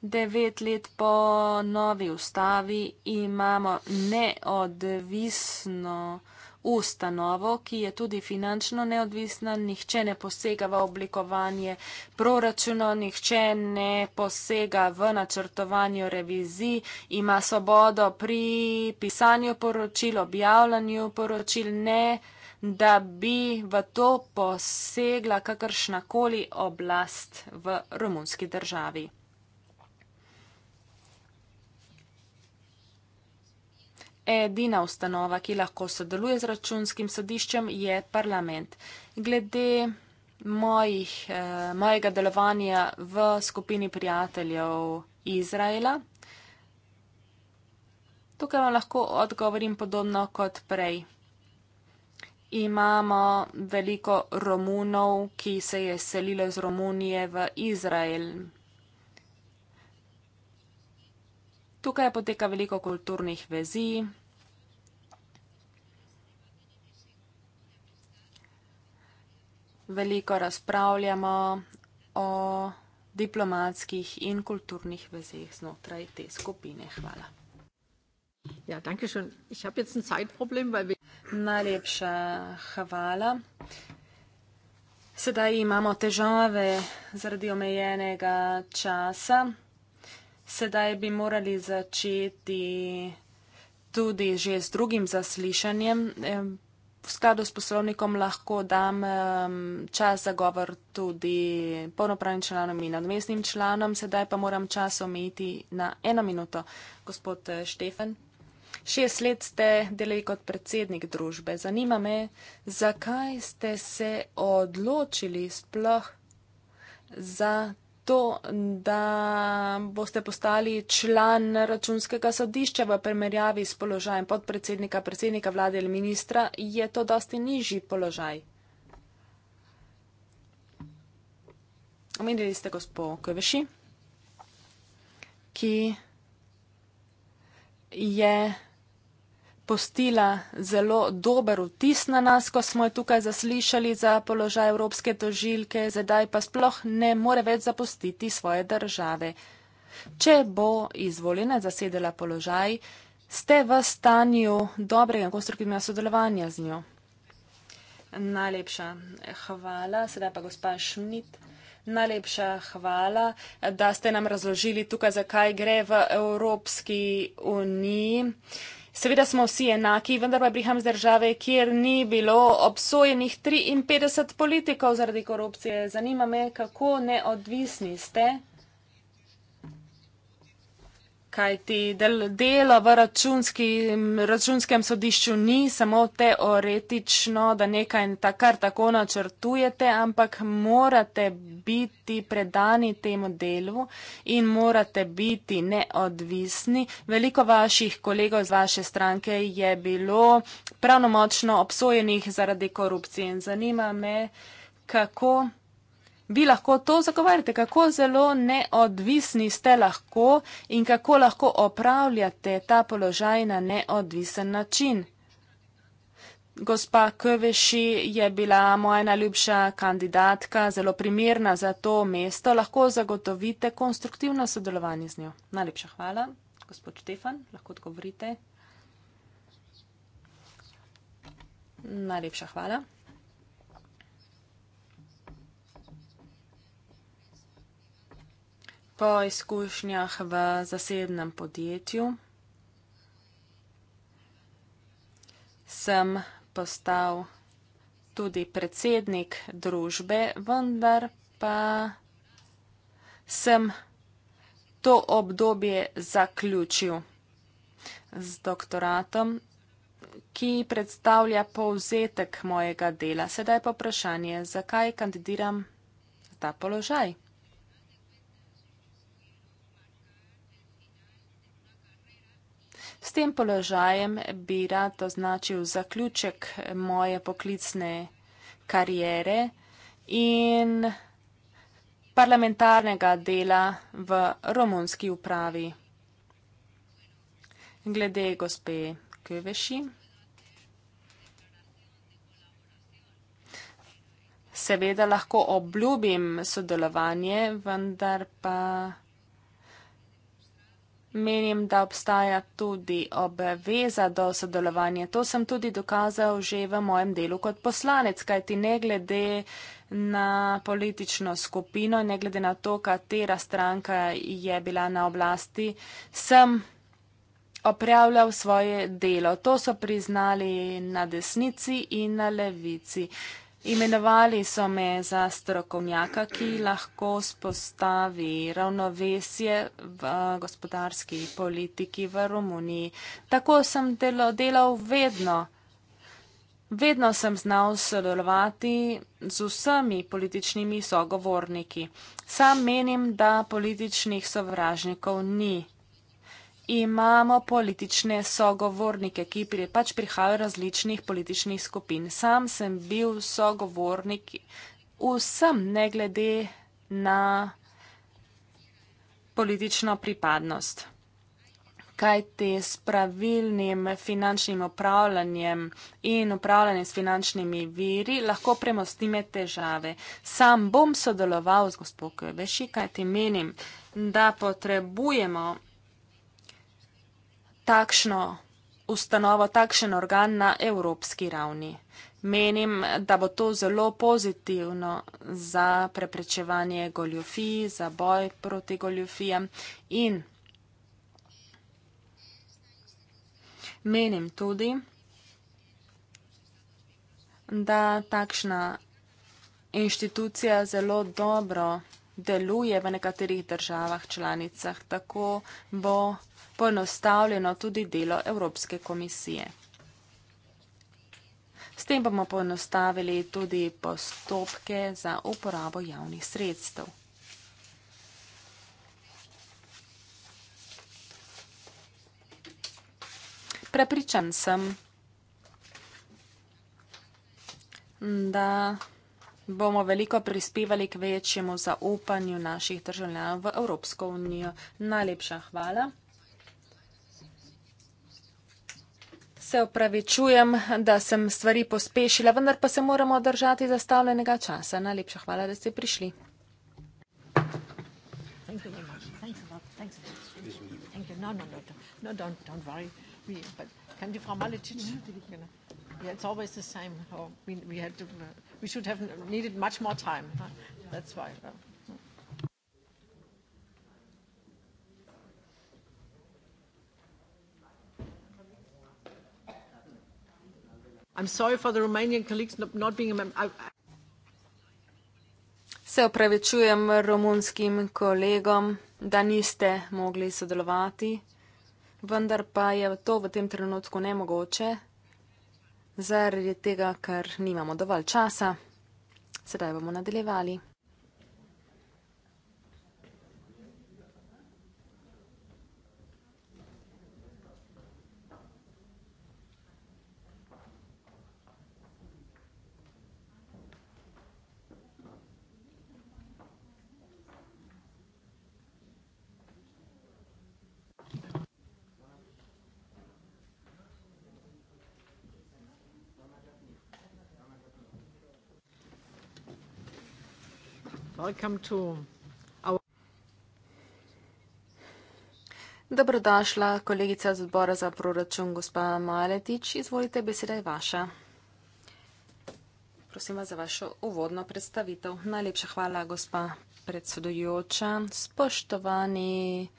devet let po novi ustavi imamo neodvisno ustanovo, ki je tudi finančno neodvisna, nihče ne posega v oblikovanje proračuna, nihče ne posega v načrtovanju revizij, ima svobodo pri pisanju poročil, objavljanju poročil, ne da bi v to posegla kakršnakoli oblast v romunski državi. Edina ustanova, ki lahko sodeluje z računskim sodiščem, je parlament. Glede mojih, eh, mojega delovanja v skupini prijateljev Izraela, tukaj vam lahko odgovorim podobno kot prej. Imamo veliko Romunov, ki se je selilo iz Romunije v Izrael, Tukaj poteka veliko kulturnih vezi. Veliko razpravljamo o diplomatskih in kulturnih vezih znotraj te skupine. Hvala. Ja, danke schön. Ich habe jetzt ein Zeitproblem, weil wir... Najlepša hvala. Sedaj imamo težave zaradi omejenega časa. Sedaj bi morali začeti tudi že z drugim zaslišanjem. V skladu s poslovnikom lahko dam čas za govor tudi polnopravnim članom in nadmestnim članom, sedaj pa moram čas omejiti na eno minuto. Gospod eh, Štefan, šest let ste delali kot predsednik družbe. Zanima me, zakaj ste se odločili sploh za to, da boste postali član računskega sodišča v primerjavi s položajem podpredsednika, predsednika vlade ali ministra, je to dosti nižji položaj. Omenili ste gospod Kveši, ki je postila zelo dober vtis na nas, ko smo jo tukaj zaslišali za položaj evropske tožilke, zdaj pa sploh ne more več zapustiti svoje države. Če bo izvoljena zasedela položaj, ste v stanju dobrega in konstruktivnega sodelovanja z njo. Najlepša hvala, sedaj pa gospa Šmit. Najlepša hvala, da ste nam razložili tukaj, zakaj gre v Evropski uniji. Uh, Seveda smo vsi enaki, vendar pa briham z države, kjer ni bilo obsojenih 53 politikov zaradi korupcije. Zanima me, kako neodvisni ste kaj ti del, dela v računski, računskem sodišču ni samo teoretično, da nekaj ta, kar tako načrtujete, ampak morate biti predani temu delu in morate biti neodvisni. Veliko vaših kolegov iz vaše stranke je bilo pravnomočno obsojenih zaradi korupcije in zanima me, kako vi lahko to zagovarjate, kako zelo neodvisni ste lahko in kako lahko opravljate ta položaj na neodvisen način. Gospa Köveši je bila moja najljubša kandidatka, zelo primerna za to mesto. Lahko zagotovite konstruktivno sodelovanje z njo. Najlepša hvala. Gospod Štefan, lahko odgovorite. Najlepša hvala. po izkušnjah v zasebnem podjetju sem postal tudi predsednik družbe, vendar pa sem to obdobje zaključil z doktoratom, ki predstavlja povzetek mojega dela. Sedaj pa vprašanje, zakaj kandidiram ta položaj? S tem položajem bi rad označil zaključek moje poklicne karijere in parlamentarnega dela v romunski upravi. Glede gospe Köveši, seveda lahko obljubim sodelovanje, vendar pa. Menim, da obstaja tudi obveza do sodelovanja. To sem tudi dokazal že v mojem delu kot poslanec, kajti ne glede na politično skupino, ne glede na to, katera stranka je bila na oblasti, sem opravljal svoje delo. To so priznali na desnici in na levici. Imenovali so me za strokovnjaka, ki lahko spostavi ravnovesje v eh, gospodarski politiki v Romuniji. Tako sem delo, delal vedno. Vedno sem znal sodelovati z vsemi političnimi sogovorniki. Sam menim, da političnih sovražnikov ni imamo politične sogovornike, ki pri, pač prihajajo različnih političnih skupin. Sam sem bil sogovornik vsem, ne glede na politično pripadnost. Kaj te s pravilnim finančnim upravljanjem in upravljanjem s finančnimi viri lahko premostime težave. Sam bom sodeloval z gospod Kveši, kaj ti menim, da potrebujemo takšno ustanovo, takšen organ na evropski ravni. Menim, da bo to zelo pozitivno za preprečevanje goljofij, za boj proti goljofijam in menim tudi, da takšna inštitucija zelo dobro deluje v nekaterih državah članicah. Tako bo poenostavljeno tudi delo Evropske komisije. S tem bomo poenostavili tudi postopke za uporabo javnih sredstev. Prepričan sem, da bomo veliko prispevali k večjemu zaupanju naših državljanov v Evropsko unijo. Najlepša hvala. Se opravičujem, da sem stvari pospešila, vendar pa se moramo držati zastavljenega časa. Najlepša hvala, da ste prišli we should have needed much more time. That's why. I'm sorry for the Romanian colleagues not being a member. I, I... Se opravičujem romunskim kolegom, da niste mogli sodelovati, vendar pa je to v tem trenutku nemogoče zaradi tega, ker nimamo dovolj časa. Sedaj bomo nadaljevali. Welcome to our... Dobrodošla, kolegica z odbora za proračun, gospa Maletič. Izvolite, beseda je vaša. Prosim vas za vašo uvodno predstavitev. Najlepša hvala, gospa predsedujoča. Spoštovani.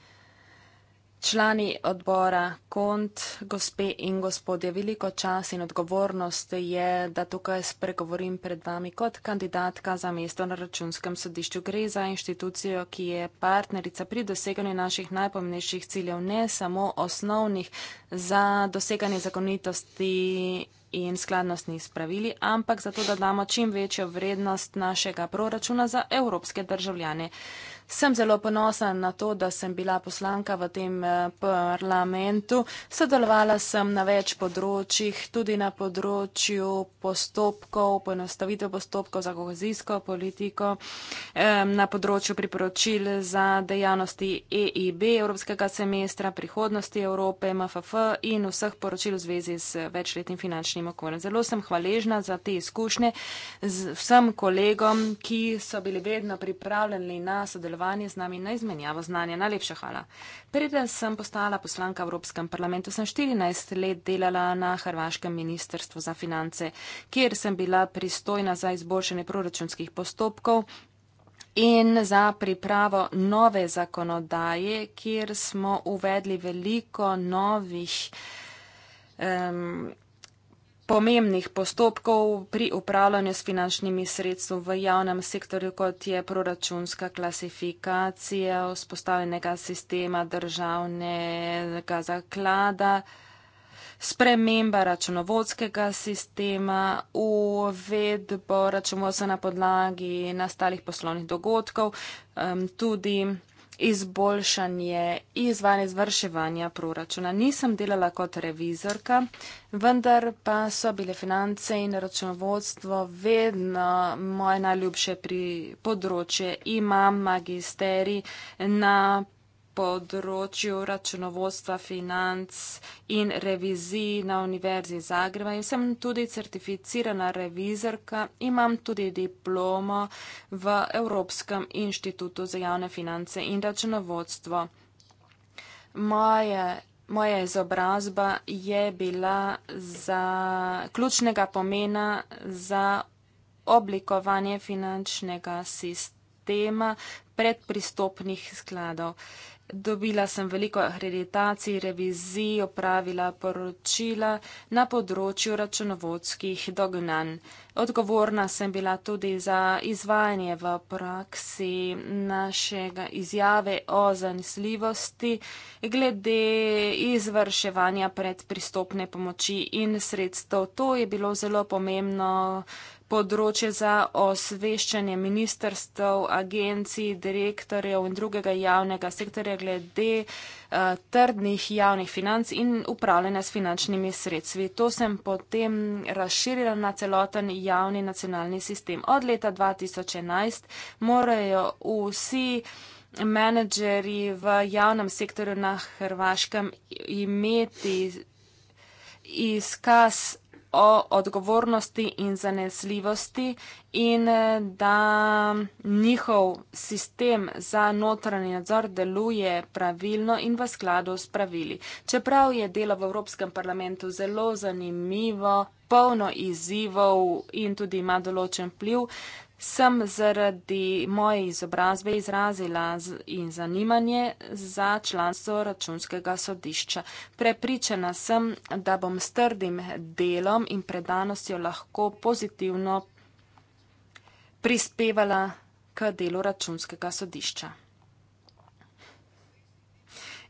Člani odbora KONT, gospe in gospodje, veliko čas in odgovornost je, da tukaj spregovorim pred vami kot kandidatka za mesto na računskem sodišču. Gre za inštitucijo, ki je partnerica pri doseganju naših najpomnejših ciljev, ne samo osnovnih za doseganje zakonitosti in skladnostni spravili, ampak zato, da damo čim večjo vrednost našega proračuna za evropske državljane. Sem zelo ponosen na to, da sem bila poslanka v tem eh, parlamentu. Sodelovala sem na več področjih, tudi na področju postopkov, poenostavitev postopkov za kohezijsko politiko, na področju priporočil za dejavnosti EIB, Evropskega semestra, prihodnosti Evrope, MFF in vseh poročil v zvezi z večletnim finančnim okoljem. Zelo sem hvaležna za te izkušnje z vsem kolegom, ki so bili vedno pripravljeni na sodelovanje sodelovanje z nami na izmenjavo znanja. Najlepša hvala. Preden sem postala poslanka v Evropskem parlamentu, sem 14 let delala na Hrvaškem ministrstvu za finance, kjer sem bila pristojna za izboljšanje proračunskih postopkov in za pripravo nove zakonodaje, kjer smo uvedli veliko novih. Um, pomembnih postopkov pri upravljanju s finančnimi sredstvi v javnem sektorju, kot je proračunska klasifikacija, vzpostavljenega sistema državnega zaklada, sprememba računovodskega sistema, uvedbo računovodstva na podlagi nastalih poslovnih dogodkov, tudi izboljšanje izvajanja izvrševanja proračuna. Nisem delala kot revizorka, vendar pa so bile finance in računovodstvo vedno moje najljubše področje. Imam magisteri na področju računovodstva, financ in revizij na Univerzi Zagreba in sem tudi certificirana revizorka. Imam tudi diplomo v Evropskem inštitutu za javne finance in računovodstvo. Moje Moja izobrazba je bila za ključnega pomena za oblikovanje finančnega sistema predpristopnih skladov. Dobila sem veliko akreditacij, revizij, opravila poročila na področju računovodskih dognanj. Odgovorna sem bila tudi za izvajanje v praksi našega izjave o zanesljivosti glede izvrševanja predpristopne pomoči in sredstev. To je bilo zelo pomembno področje za osveščanje ministrstv, agencij, direktorjev in drugega javnega sektorja glede eh, trdnih javnih financ in upravljanja s finančnimi sredstvi. To sem potem razširila na celoten javni nacionalni sistem. Od leta 2011 morajo vsi menedžeri v javnem sektorju na Hrvaškem imeti izkaz o odgovornosti in zanesljivosti in eh, da njihov sistem za notranji nadzor deluje pravilno in v skladu s pravili. Čeprav je delo v Evropskem parlamentu zelo zanimivo, polno izzivov in tudi ima določen pliv, sem zaradi moje izobrazbe izrazila in zanimanje za članstvo računskega sodišča. Prepričana sem, da bom s trdim delom in predanostjo lahko pozitivno prispevala k delu računskega sodišča.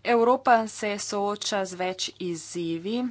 Evropa se sooča z več izzivi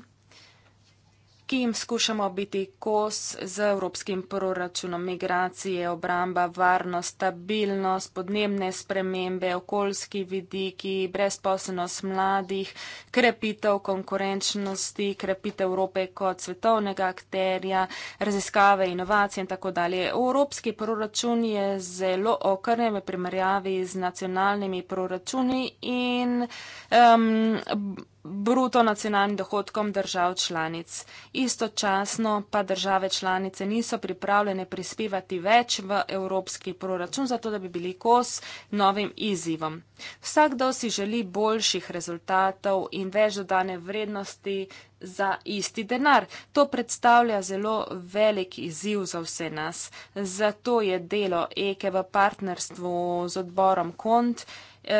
ki jim skušamo biti kos z evropskim proračunom. Migracije, obramba, varnost, stabilnost, podnebne spremembe, okoljski vidiki, brezposobnost mladih, krepitev konkurenčnosti, krepitev Evrope kot svetovnega akterja, raziskave, inovacije in tako dalje. Evropski proračun je zelo okrnjen v primerjavi z nacionalnimi proračuni in um, bruto nacionalnim dohodkom držav članic. Istočasno pa države članice niso pripravljene prispevati več v evropski proračun, zato da bi bili kos novim izzivom. Vsakdo si želi boljših rezultatov in več dodane vrednosti za isti denar. To predstavlja zelo velik izziv za vse nas. Zato je delo Eke v partnerstvu z odborom KONT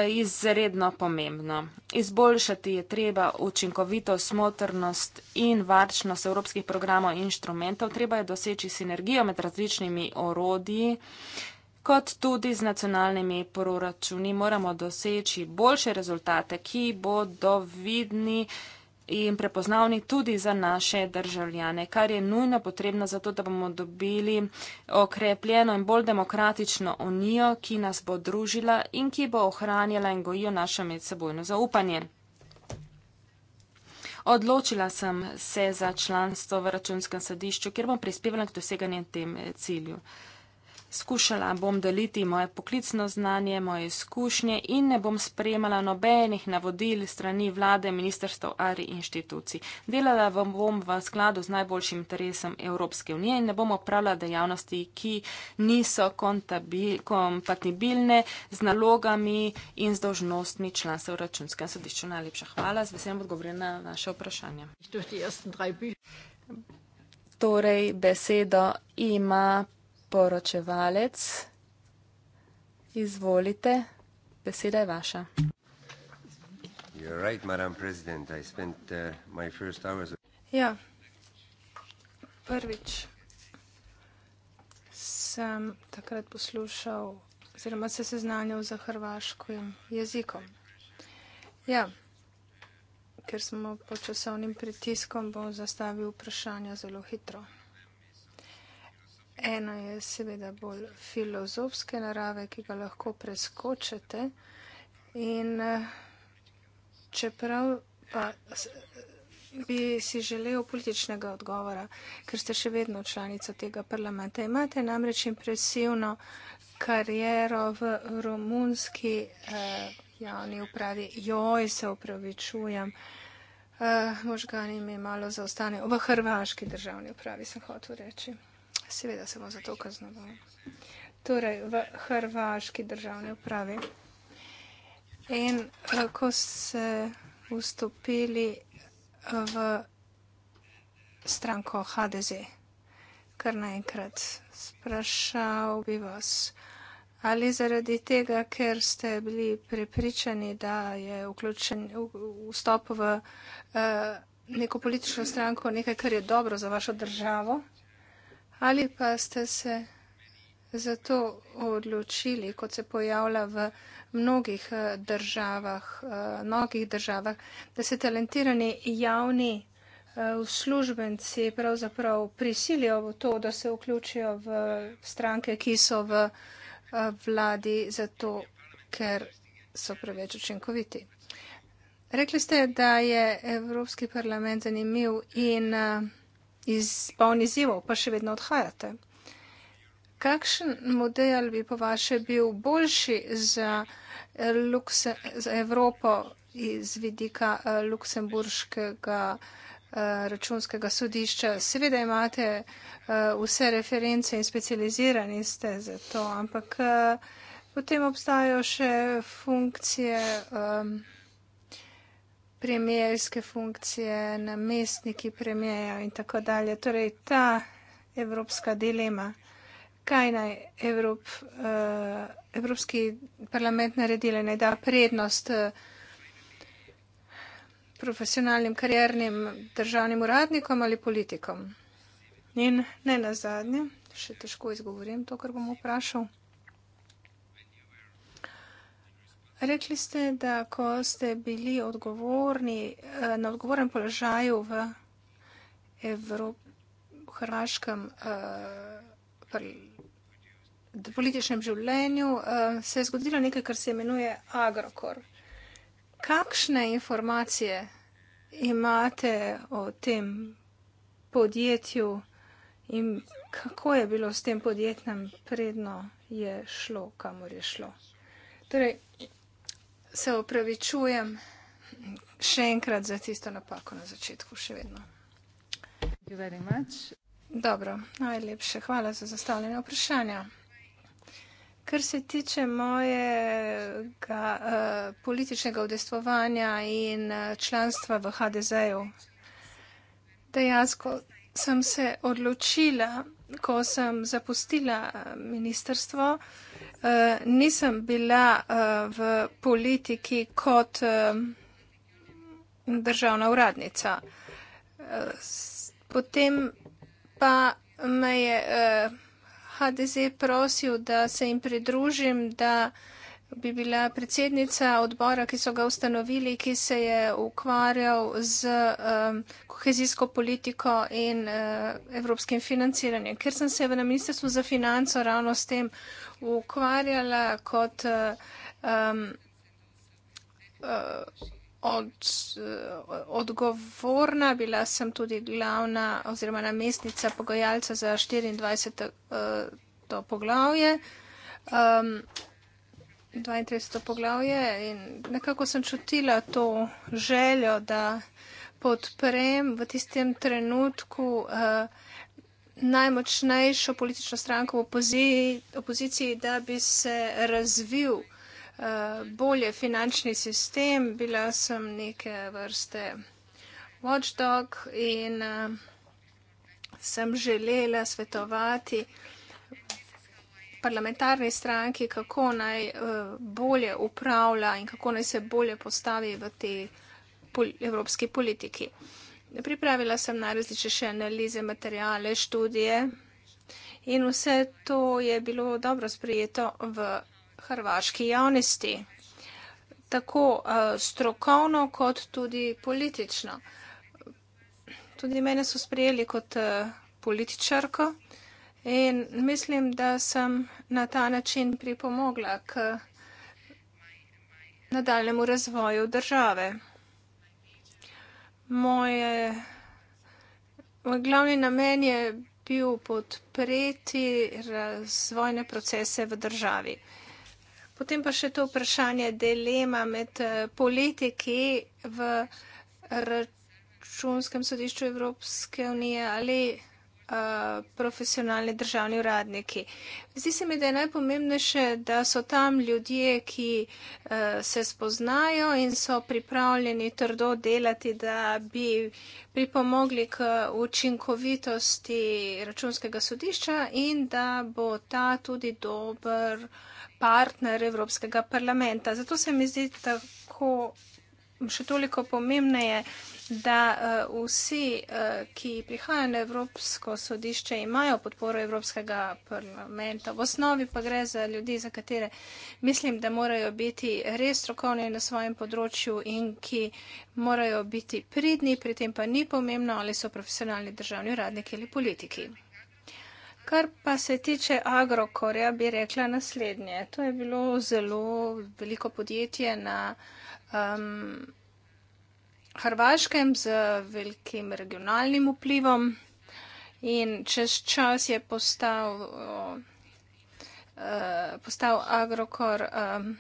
izredno pomembno. Izboljšati je treba učinkovito smotrnost in varčnost evropskih programov in inštrumentov. Treba je doseči sinergijo med različnimi orodji, kot tudi z nacionalnimi proračuni. Moramo doseči boljše rezultate, ki bodo vidni in prepoznavni tudi za naše državljane, kar je nujno potrebno za to, da bomo dobili okrepljeno in bolj demokratično unijo, ki nas bo družila in ki bo ohranjala in gojila naše medsebojno zaupanje. Odločila sem se za članstvo v računskem sodišču, kjer bom prispevala k doseganju tem cilju. Skušala bom deliti moje poklicno znanje, moje izkušnje in ne bom sprejemala nobenih navodil strani vlade, ministrstv ali inštitucij. Delala bom v skladu z najboljšim interesom Evropske unije in ne bom opravljala dejavnosti, ki niso kompatibilne z nalogami in z dožnostmi članstva v računskem sodišču. Najlepša hvala, z veseljem odgovorim na naše vprašanje. Torej, besedo ima poročevalec. Izvolite, beseda je vaša. Right, spent, uh, hours... Ja, prvič sem takrat poslušal oziroma se seznanjal za hrvaškim jezikom. Ja, ker smo pod časovnim pritiskom, bom zastavil vprašanja zelo hitro. Eno je seveda bolj filozofske narave, ki ga lahko preskočite. In eh, čeprav pa bi si želel političnega odgovora, ker ste še vedno članica tega parlamenta. Imate namreč impresivno kariero v romunski eh, javni upravi. Joj, se upravičujem. Uh, eh, možgani mi malo zaostanejo. V hrvaški državni upravi sem hotel reči. Seveda samo zato, ker znamo. Torej, v hrvaški državni upravi. In eh, ko se vstopili eh, v stranko HDZ, kar naenkrat sprašal bi vas, ali zaradi tega, ker ste bili prepričani, da je vključen vstop v uh, neko politično stranko nekaj, kar je dobro za vašo državo. Ali pa ste se zato odločili, kot se pojavlja v mnogih eh, državah, eh, mnogih državah, da se talentirani javni eh, uslužbenci pravzaprav prisilijo v to, da se vključijo v stranke, ki so v vladi zato, ker so preveč učinkoviti. Rekli ste, da je Evropski parlament zanimiv in uh, izpolni izzivov, pa še vedno odhajate. Kakšen model bi po vaše bil boljši za, Lukse, za Evropo iz vidika Luksemburškega eh, računskega sodišča? Seveda imate eh, vse reference in specializirani ste za to, ampak eh, potem obstajajo še funkcije. Um, premijerske funkcije, namestniki premijeja in tako dalje. Torej ta evropska dilema, kaj naj Evrop, uh, Evropski parlament naredile, naj da prednost uh, profesionalnim kariernim državnim uradnikom ali politikom. In ne nazadnje, še težko izgovorim to, kar bom vprašal. Rekli ste, da ko ste bili odgovorni eh, na odgovornem položaju v Evrop, hrvaškem eh, političnem življenju, eh, se je zgodilo nekaj, kar se imenuje Agrokor. Kakšne informacije imate o tem podjetju in kako je bilo s tem podjetjem predno je šlo, kamor je šlo? Torej, se opravičujem še enkrat za tisto napako na začetku, še vedno. Dobro, najlepše hvala za zastavljene vprašanja. Kar se tiče mojega uh, političnega udestvovanja in uh, članstva v HDZ-ju, dejansko sem se odločila, ko sem zapustila eh, ministerstvo, uh, Eh, nisem bila uh, v politiki kot uh, državna uradnica. Potem pa me je uh, HDZ prosil, da se jim pridružim, da bi bila predsednica odbora, ki so ga ustanovili, ki se je ukvarjal z um, kohezijsko politiko in uh, evropskim financiranjem. Ker sem se v Ministrstvu za financo ravno s tem ukvarjala kot um, od, eh, odgovorna, bila sem tudi glavna oziroma namestnica pogojalca za 24. To poglavje, um, 32. poglavje in nekako sem čutila to željo, da podprem v tistem trenutku. Uh, najmočnejšo politično stranko v opoziciji, opoziciji da bi se razvil uh, bolje finančni sistem. Bila sem neke vrste watchdog in uh, sem želela svetovati parlamentarni stranki, kako naj uh, bolje upravlja in kako naj se bolje postavi v te pol evropski politiki. Uh, Pripravila sem najrazličnejše še analize, materijale, študije in vse to je bilo dobro sprejeto v hrvaški javnosti, tako eh, strokovno kot tudi politično. Tudi mene so sprejeli kot eh, političarko in mislim, da sem na ta način pripomogla k nadaljemu razvoju države moje, moj glavni namen je bil podpreti razvojne procese v državi. Potem pa še to vprašanje dilema med eh, politiki v računskem sodišču Evropske unije ali uh, profesionalni državni uradniki. Zdi se mi, da je najpomembnejše, da so tam ljudje, ki uh, se spoznajo in so pripravljeni trdo delati, da bi pripomogli k učinkovitosti računskega sodišča in da bo ta tudi dober partner Evropskega parlamenta. Zato se mi zdi tako še toliko pomembneje, uh, da uh, vsi, uh, ki prihajajo na Evropsko sodišče, imajo podporo Evropskega parlamenta. V osnovi pa gre za ljudi, za katere mislim, da morajo biti res strokovni na svojem področju in ki morajo biti pridni, pri tem pa ni pomembno, ali so profesionalni državni uradniki ali politiki. Kar pa se tiče Agrokorja, bi rekla naslednje. To je bilo zelo veliko podjetje na. Um, Hrvaškem z velikim regionalnim vplivom in čez čas je postal, uh, postal Agrokor um,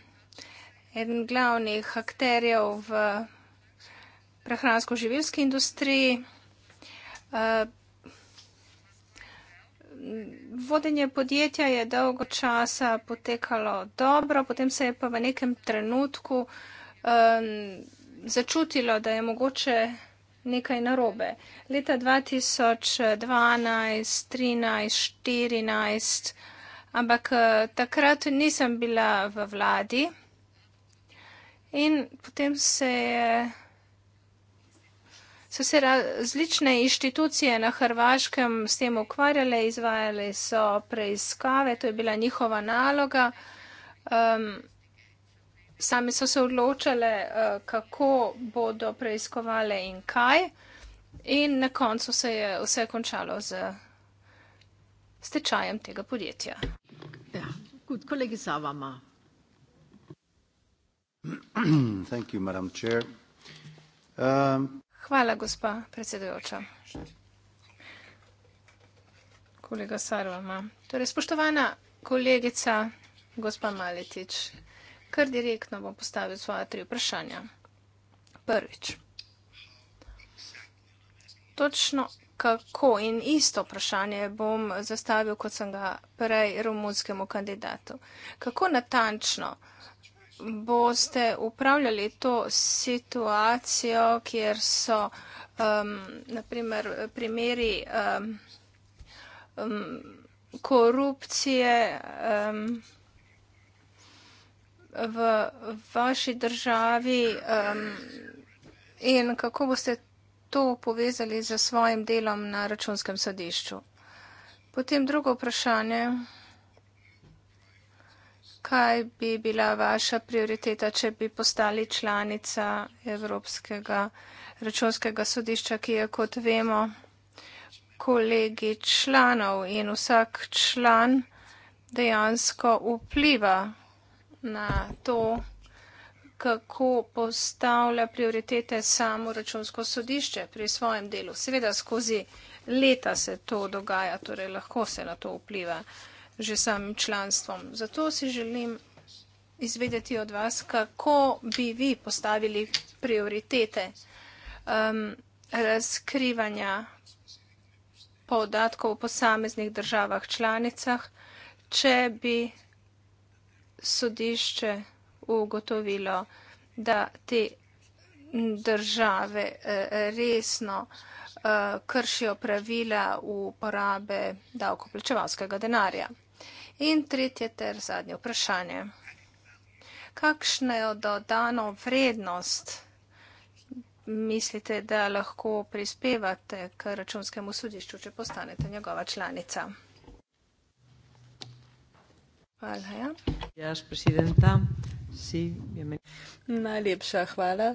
eden glavnih akterjev v prehransko-živilski industriji. Uh, vodenje podjetja je dolgo časa potekalo dobro, potem se je pa v nekem trenutku um, začutilo, da je mogoče nekaj narobe. Leta 2012, 2013, 2014, ampak eh, takrat nisem bila v vladi in potem se je. So se različne inštitucije na Hrvaškem s tem ukvarjale, izvajale so preiskave, to je bila njihova naloga. Um, Sami so se odločali, eh, kako bodo preiskovali in kaj. In na koncu se je vse končalo z stečajem tega podjetja. Ja, kot kolegi za vama. Thank you, madam chair. Um... Hvala, gospa predsedujoča. Kolega Sarvama. Torej, spoštovana kolegica, gospa Maletič, kar direktno bom postavil svoje tri vprašanja. Prvič. Točno kako in isto vprašanje bom zastavil, kot sem ga prej romunskemu kandidatu. Kako natančno boste upravljali to situacijo, kjer so um, naprimer primeri um, um, korupcije. Um, v vaši državi um, in kako boste to povezali z svojim delom na računskem sodišču. Potem drugo vprašanje. Kaj bi bila vaša prioriteta, če bi postali članica Evropskega računskega sodišča, ki je, kot vemo, kolegi članov in vsak član dejansko vpliva na to, kako postavlja prioritete samo računsko sodišče pri svojem delu. Seveda skozi leta se to dogaja, torej lahko se na to vpliva že samim članstvom. Zato si želim izvedeti od vas, kako bi vi postavili prioritete um, razkrivanja podatkov v posameznih državah članicah, če bi sodišče ugotovilo, da te države eh, resno eh, kršijo pravila uporabe davkoplačevalskega denarja. In tretje ter zadnje vprašanje. Kakšno je dodano vrednost, mislite, da lahko prispevate k računskemu sodišču, če postanete njegova članica? Ja, presidenta. Sí, Najlepša hvala,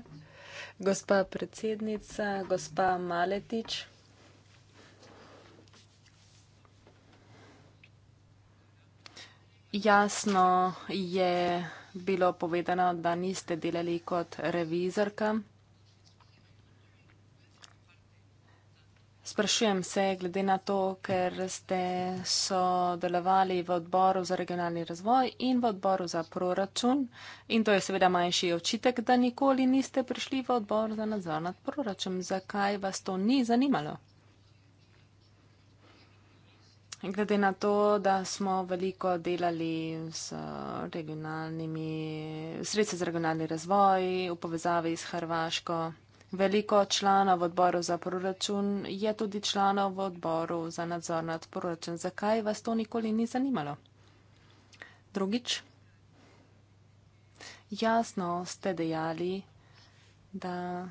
gospa predsednica, gospa Maletič. Jasno je bilo povedano, da niste delali kot revizorka. Sprašujem se, glede na to, ker ste sodelovali v odboru za regionalni razvoj in v odboru za proračun, in to je seveda manjši očitek, da nikoli niste prišli v odbor za nadzor nad proračun. Zakaj vas to ni zanimalo? Glede na to, da smo veliko delali s regionalnimi sredstvi za regionalni razvoj v povezavi s Hrvaško. Veliko članov v odboru za proračun je tudi članov v odboru za nadzor nad proračun. Zakaj vas to nikoli ni zanimalo? Drugič, jasno ste dejali, da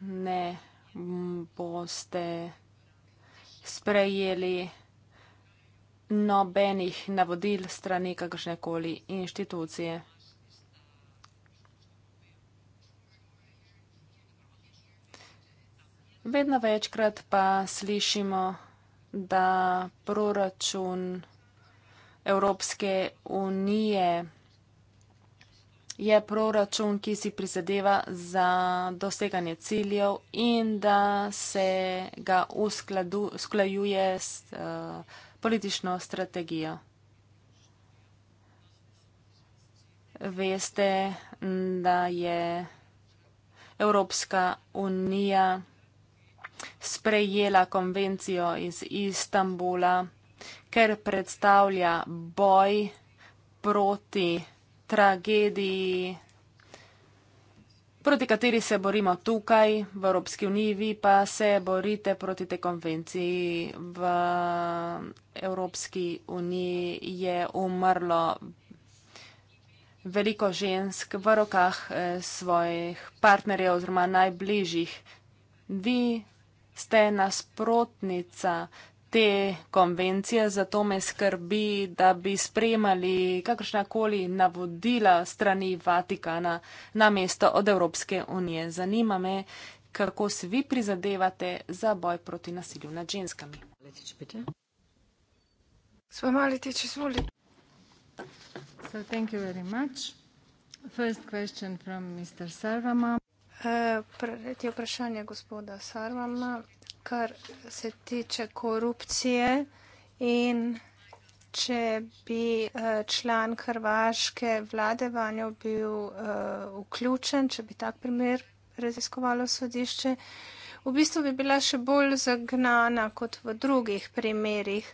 ne boste sprejeli nobenih navodil strani kakršnekoli inštitucije. vedno večkrat pa slišimo, da proračun Evropske unije je proračun, ki si prizadeva za doseganje ciljev in da se ga usklajuje s uh, politično strategijo. Veste, da je Evropska unija sprejela konvencijo iz Istanbula, ker predstavlja boj proti tragediji, proti kateri se borimo tukaj v Evropski uniji, vi pa se borite proti te konvenciji. V Evropski uniji je umrlo veliko žensk v rokah eh, svojih partnerjev oziroma najbližjih. Vi ste nasprotnica te konvencije, zato me skrbi, da bi spremali kakršnakoli navodila strani Vatikana na mesto od Evropske unije. Zanima me, kako se vi prizadevate za boj proti nasilju nad ženskami. So, thank you very much. First question from Mr. Sarvama. Preti vprašanje gospoda Sarvama, kar se tiče korupcije in če bi eh, član hrvaške vlade vanjo bil eh, vključen, če bi tak primer raziskovalo sodišče, v bistvu bi bila še bolj zagnana kot v drugih primerih.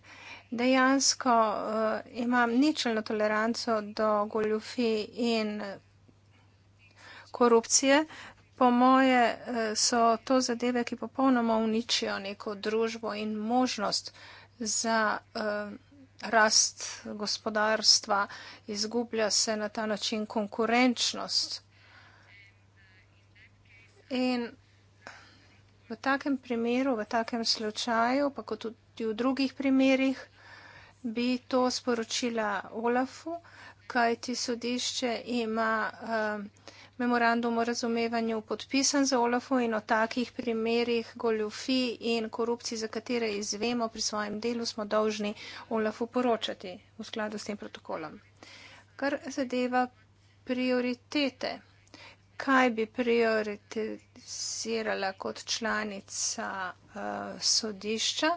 Dejansko eh, imam ničelno toleranco do goljufi in korupcije, po moje eh, so to zadeve, ki popolnoma uničijo neko družbo in možnost za eh, rast gospodarstva, izgublja se na ta način konkurenčnost. In v takem primeru, v takem slučaju, pa kot tudi v drugih primerih, bi to sporočila Olafu, kajti sodišče ima uh, memorandum o razumevanju podpisan z Olafu in o takih primerih goljufij in korupcij, za katere izvemo pri svojem delu, smo dolžni Olafu poročati v skladu s tem protokolom. Kar zadeva prioritete, kaj bi prioritizirala kot članica uh, sodišča,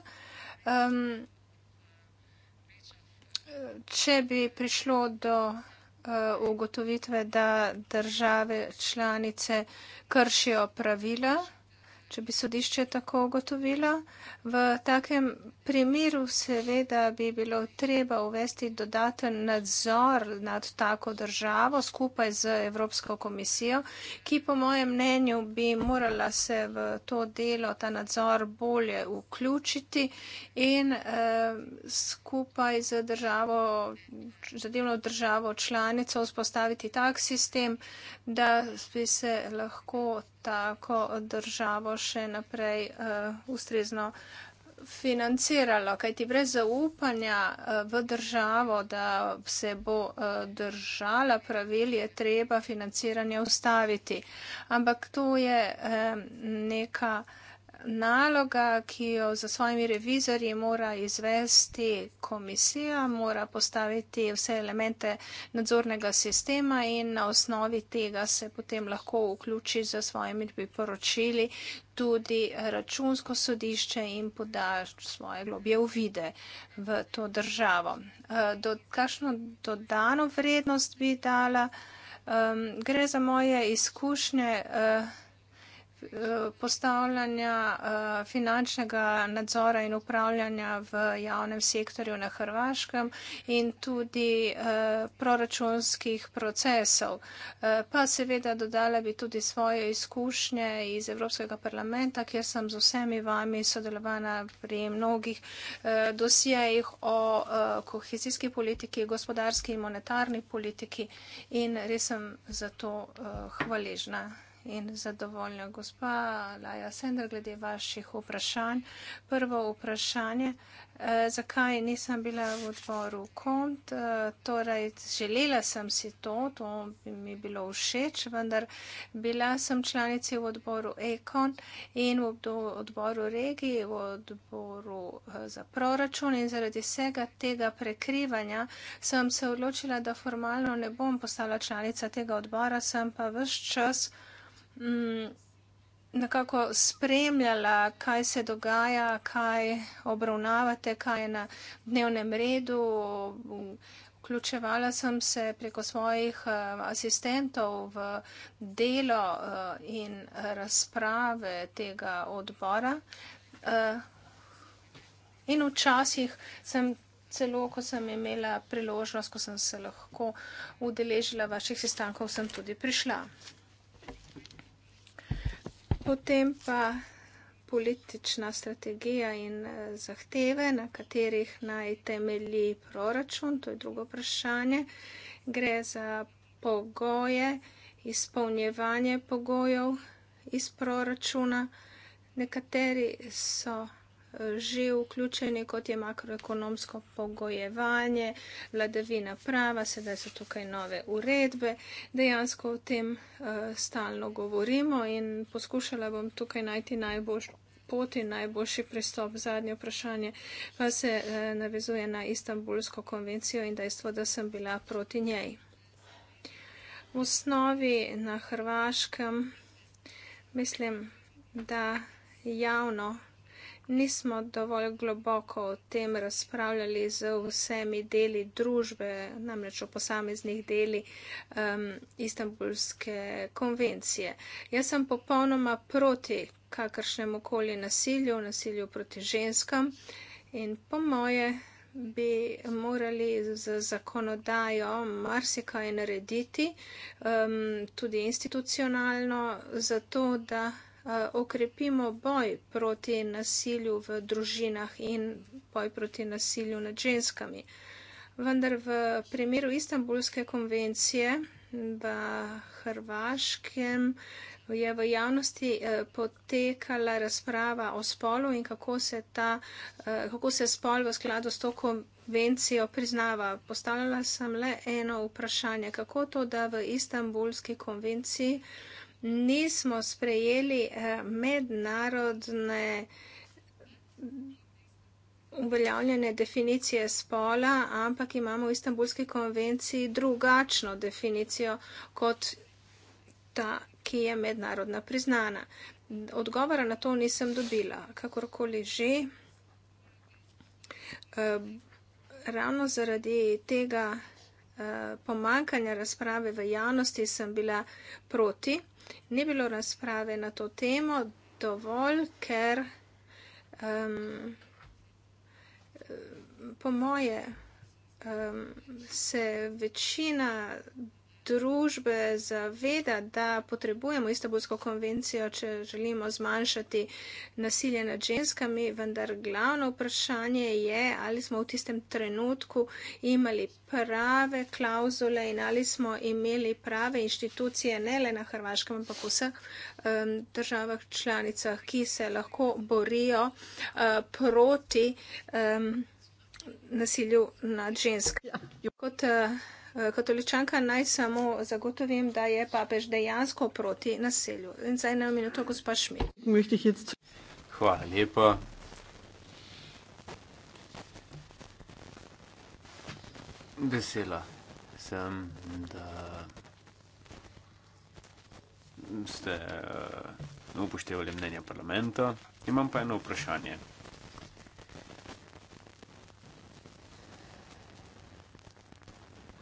um, če bi prišlo do Uh, ugotovitve, da države članice kršijo pravila če bi sodišče tako ugotovilo. V takem primeru seveda bi bilo treba uvesti dodaten nadzor nad tako državo skupaj z Evropsko komisijo, ki po mojem mnenju bi morala se v to delo, ta nadzor bolje vključiti in eh, skupaj z državo, zadevno državo članico vzpostaviti tak sistem, da bi se lahko tako državo še naprej uh, ustrezno financiralo, kajti brez zaupanja uh, v državo, da se bo uh, držala pravil, je treba financiranje ustaviti. Ampak to je uh, neka. Uh, naloga, ki jo za svojimi revizorji mora izvesti komisija, mora postaviti vse elemente nadzornega sistema in na osnovi tega se potem lahko vključi za svojimi priporočili tudi računsko sodišče in poda svoje globje uvide v to državo. Eh, do, kakšno dodano vrednost bi dala? Um, gre za moje izkušnje. Uh, postavljanja eh, finančnega nadzora in upravljanja v javnem sektorju na Hrvaškem in tudi eh, proračunskih procesov. Eh, pa seveda dodala bi tudi svoje izkušnje iz Evropskega parlamenta, kjer sem z vsemi vami sodelovala pri mnogih dosjejih o kohezijski politiki, gospodarski in monetarni politiki in res sem zato hvaležna in zadovoljna. Gospa Laja Sender, glede vaših vprašanj. Prvo vprašanje, eh, zakaj nisem bila v odboru KOMT? Eh, torej, želela sem si to, to bi mi bilo všeč, vendar bila sem članica v odboru EKON in v odboru regiji, v odboru eh, za proračun in zaradi vsega tega prekrivanja sem se odločila, da formalno ne bom postala članica tega odbora, sem pa vse čas m, mm, nekako spremljala, kaj se dogaja, kaj obravnavate, kaj je na dnevnem redu. Vključevala sem se preko svojih eh, asistentov v delo eh, in razprave tega odbora. Eh, in včasih sem celo, ko sem imela priložnost, ko sem se lahko udeležila vaših sestankov, sem tudi prišla potem pa politična strategija in eh, zahteve, na katerih naj temelji proračun, to je drugo vprašanje. Gre za pogoje, izpolnjevanje pogojev iz proračuna. Nekateri so že vključeni, kot je makroekonomsko pogojevanje, vladavina prava, sedaj so tukaj nove uredbe. Dejansko o tem uh, stalno govorimo in poskušala bom tukaj najti najboljšo pot in najboljši pristop. Zadnje vprašanje pa se uh, navezuje na Istanbulsko konvencijo in dejstvo, da sem bila proti njej. V osnovi na Hrvaškem mislim, da javno nismo dovolj globoko o tem razpravljali z vsemi deli družbe, namreč o posameznih deli um, istambulske konvencije. Jaz sem popolnoma proti kakršnemu koli nasilju, nasilju proti ženskam in po moje bi morali z zakonodajo marsikaj narediti, um, tudi institucionalno, zato da okrepimo boj proti nasilju v družinah in boj proti nasilju nad ženskami. Vendar v primeru Istanbulske konvencije v Hrvaškem je v javnosti eh, potekala razprava o spolu in kako se, ta, eh, kako se spol v skladu s to konvencijo priznava. Postavljala sem le eno vprašanje, kako to, da v Istanbulski konvenciji nismo sprejeli eh, mednarodne uveljavljene definicije spola, ampak imamo v Istanbulski konvenciji drugačno definicijo kot ta, ki je mednarodna priznana. Odgovora na to nisem dobila, kakorkoli že. Eh, ravno zaradi tega eh, pomankanja razprave v javnosti sem bila proti ni bilo razprave na to temo dovolj, ker um, po moje um, se večina družbe zaveda, da potrebujemo istobolsko konvencijo, če želimo zmanjšati nasilje nad ženskami, vendar glavno vprašanje je, ali smo v tistem trenutku imeli prave klauzule in ali smo imeli prave inštitucije, ne le na Hrvaškem, ampak v vseh um, državah članicah, ki se lahko borijo uh, proti um, nasilju nad ženskami. Ja. Kot, uh, Eh, Katoličanka naj samo zagotovim, da je papež dejansko proti nasilju. In zdaj na minuto, gospa Šmit. Hvala lepa. Vesela sem, da ste eh, upoštevali mnenja parlamenta. Imam pa eno vprašanje.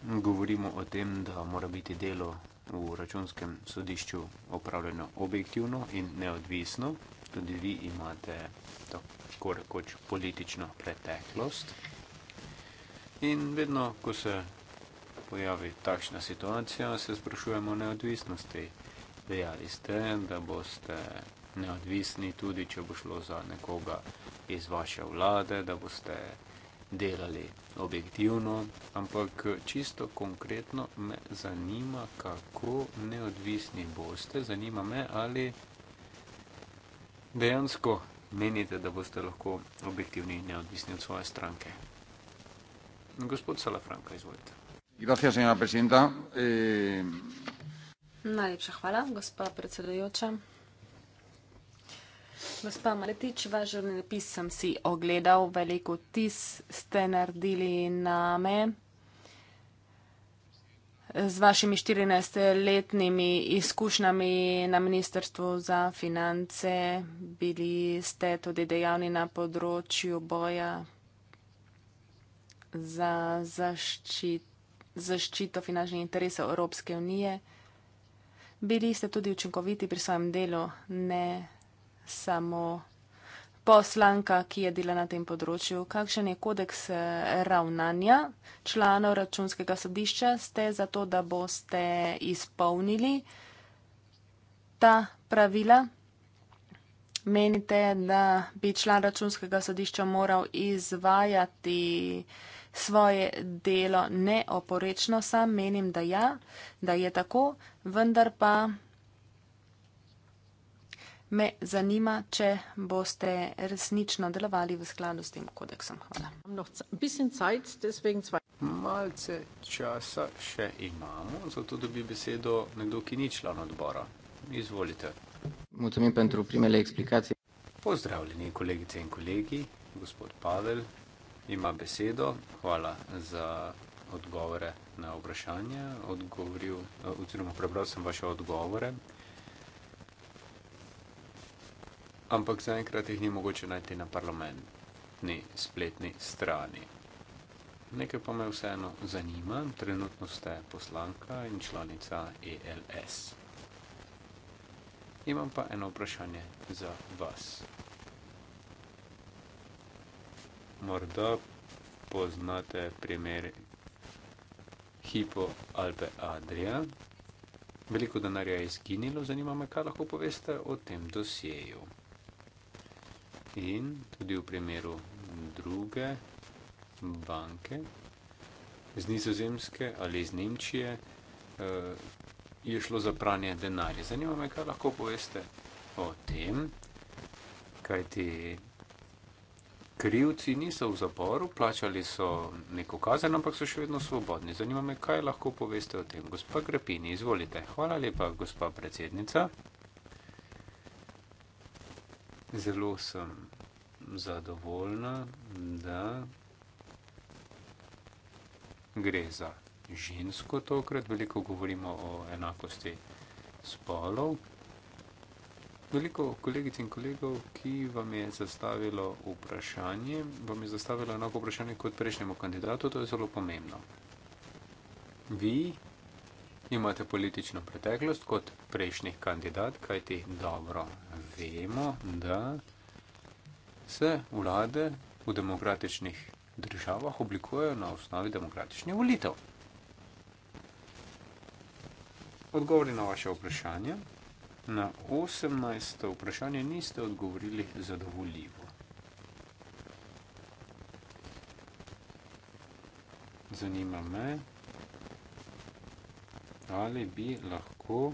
govorimo o tem, da mora biti delo v računskem sodišču opravljeno objektivno in neodvisno. Tudi vi imate tako rekoč politično preteklost. In vedno, ko se pojavi takšna situacija, se sprašujemo o neodvisnosti. Dejali ste, da boste neodvisni tudi, če bo šlo za nekoga iz vaše vlade, da boste delali objektivno, ampak čisto konkretno me zanima, kako neodvisni boste. Zanima me, ali dejansko menite, da boste lahko objektivni in neodvisni od svoje stranke. Gospod Salafranka, izvolite. Gracias, señora presidenta. Eh... Najlepša hvala, gospa predsedujoča. Gospa Maletič, vaš življenjepis sem si ogledal, veliko tis ste naredili name. Z vašimi 14-letnimi izkušnjami na Ministrstvu za finance bili ste tudi dejavni na področju boja za zaščit, zaščito finančnih interesov Evropske unije. Bili ste tudi učinkoviti pri svojem delu, ne samo poslanka, ki je dela na tem področju. Kakšen je kodeks eh, ravnanja članov računskega sodišča? Ste za to, da boste izpolnili ta pravila? Menite, da bi član računskega sodišča moral izvajati svoje delo neoporečno? Sam menim, da ja, da je tako, vendar pa me zanima, če boste resnično delovali v skladu s tem kodeksom. Hvala. Malce časa še imamo, zato dobi besedo nekdo, ki ni član odbora. Izvolite. Pozdravljeni, kolegice in kolegi, gospod Pavel ima besedo. Hvala za odgovore na vprašanje. Odgovoril, eh, oziroma prebral sem vaše odgovore. ampak zaenkrat jih ni mogoče najti na parlamentni spletni strani. Nekaj pa me vseeno zanima, trenutno ste poslanka in članica ELS. Imam pa eno vprašanje za vas. Morda poznate primer Hipo Alpe Adria. Veliko denarja je izginilo, zanima me, kaj lahko poveste o tem dosjeju in tudi v primeru druge banke z Nizozemske ali iz Nemčije eh, je šlo za pranje denarja. Zanima me, kaj lahko poveste o tem, kajti krivci niso v zaporu, plačali so neko kazen, ampak so še vedno svobodni. Zanima me, kaj lahko poveste o tem. Gospa Grepini, izvolite. Hvala lepa, gospa predsednica. Zelo sem zadovoljna, da gre za žensko tokrat. Veliko govorimo o enakosti spolov. Veliko kolegic in kolegov, ki vam je zastavilo vprašanje, vam je zastavilo enako vprašanje kot prejšnjemu kandidatu, to je zelo pomembno. Vi Imate politično preteklost kot prejšnjih kandidat, kajti dobro vemo, da se vlade v demokratičnih državah oblikujejo na osnovi demokratičnih volitev. Odgovori na vaše vprašanje. Na 18. vprašanje niste odgovorili zadovoljivo. Zanima me, ali bi lahko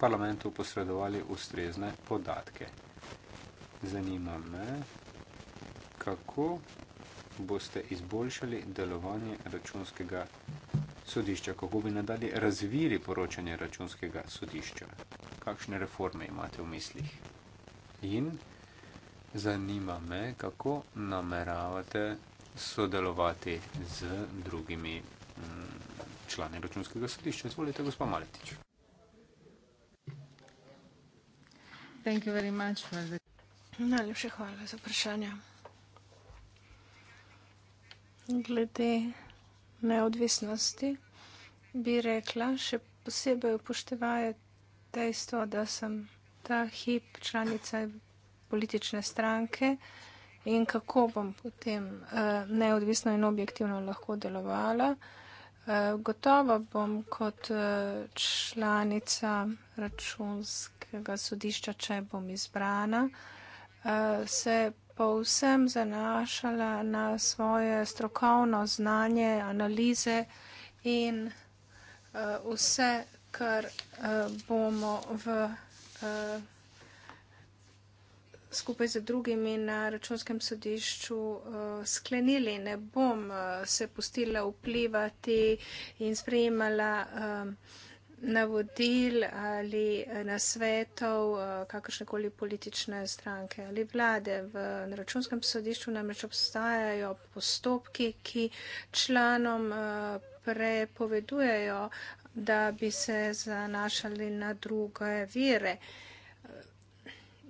parlamentu posredovali ustrezne podatke. Zanima me, kako boste izboljšali delovanje računskega sodišča, kako bi nadalje razvili poročanje računskega sodišča, kakšne reforme imate v mislih. In zanima me, kako nameravate sodelovati z drugimi člani računskega sodišča. Izvolite, gospod Maletič. Najlepša hvala za vprašanje. Glede neodvisnosti bi rekla, še posebej upoštevaje dejstvo, da sem ta hip članica politične stranke in kako bom potem eh, neodvisno in objektivno lahko delovala. Eh, gotovo bom kot eh, članica računskega sodišča, če bom izbrana, eh, se povsem zanašala na svoje strokovno znanje, analize in vse, kar bomo v skupaj z drugimi na računskem sodišču uh, sklenili. Ne bom uh, se pustila vplivati in sprejemala uh, navodil ali nasvetov kakršnekoli politične stranke ali vlade. V računskem sodišču namreč obstajajo postopki, ki članom prepovedujejo, da bi se zanašali na druge vire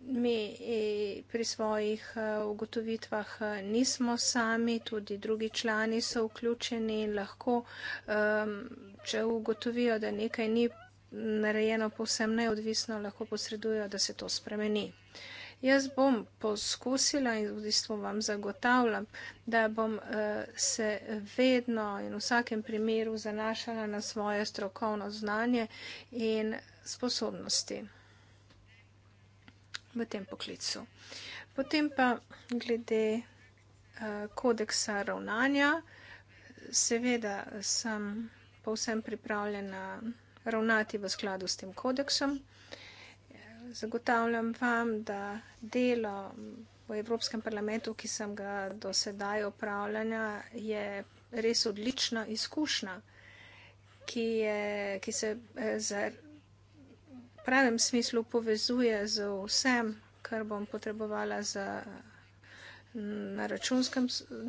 mi eh, pri svojih eh, ugotovitvah eh, nismo sami, tudi drugi člani so vključeni in lahko, ehm, če ugotovijo, da nekaj ni narejeno povsem neodvisno, lahko posredujo, da se to spremeni. Jaz bom poskusila in v bistvu vam zagotavljam, da bom se vedno in v vsakem primeru zanašala na svoje strokovno znanje in sposobnosti v tem poklicu. Potem pa glede eh, kodeksa ravnanja. Seveda sem povsem pripravljena ravnati v skladu s tem kodeksom. Zagotavljam vam, da delo v Evropskem parlamentu, ki sem ga do sedaj opravljala, je res odlična izkušnja, ki, je, ki se eh, za. Eh, pravem smislu povezuje z vsem, kar bom potrebovala za na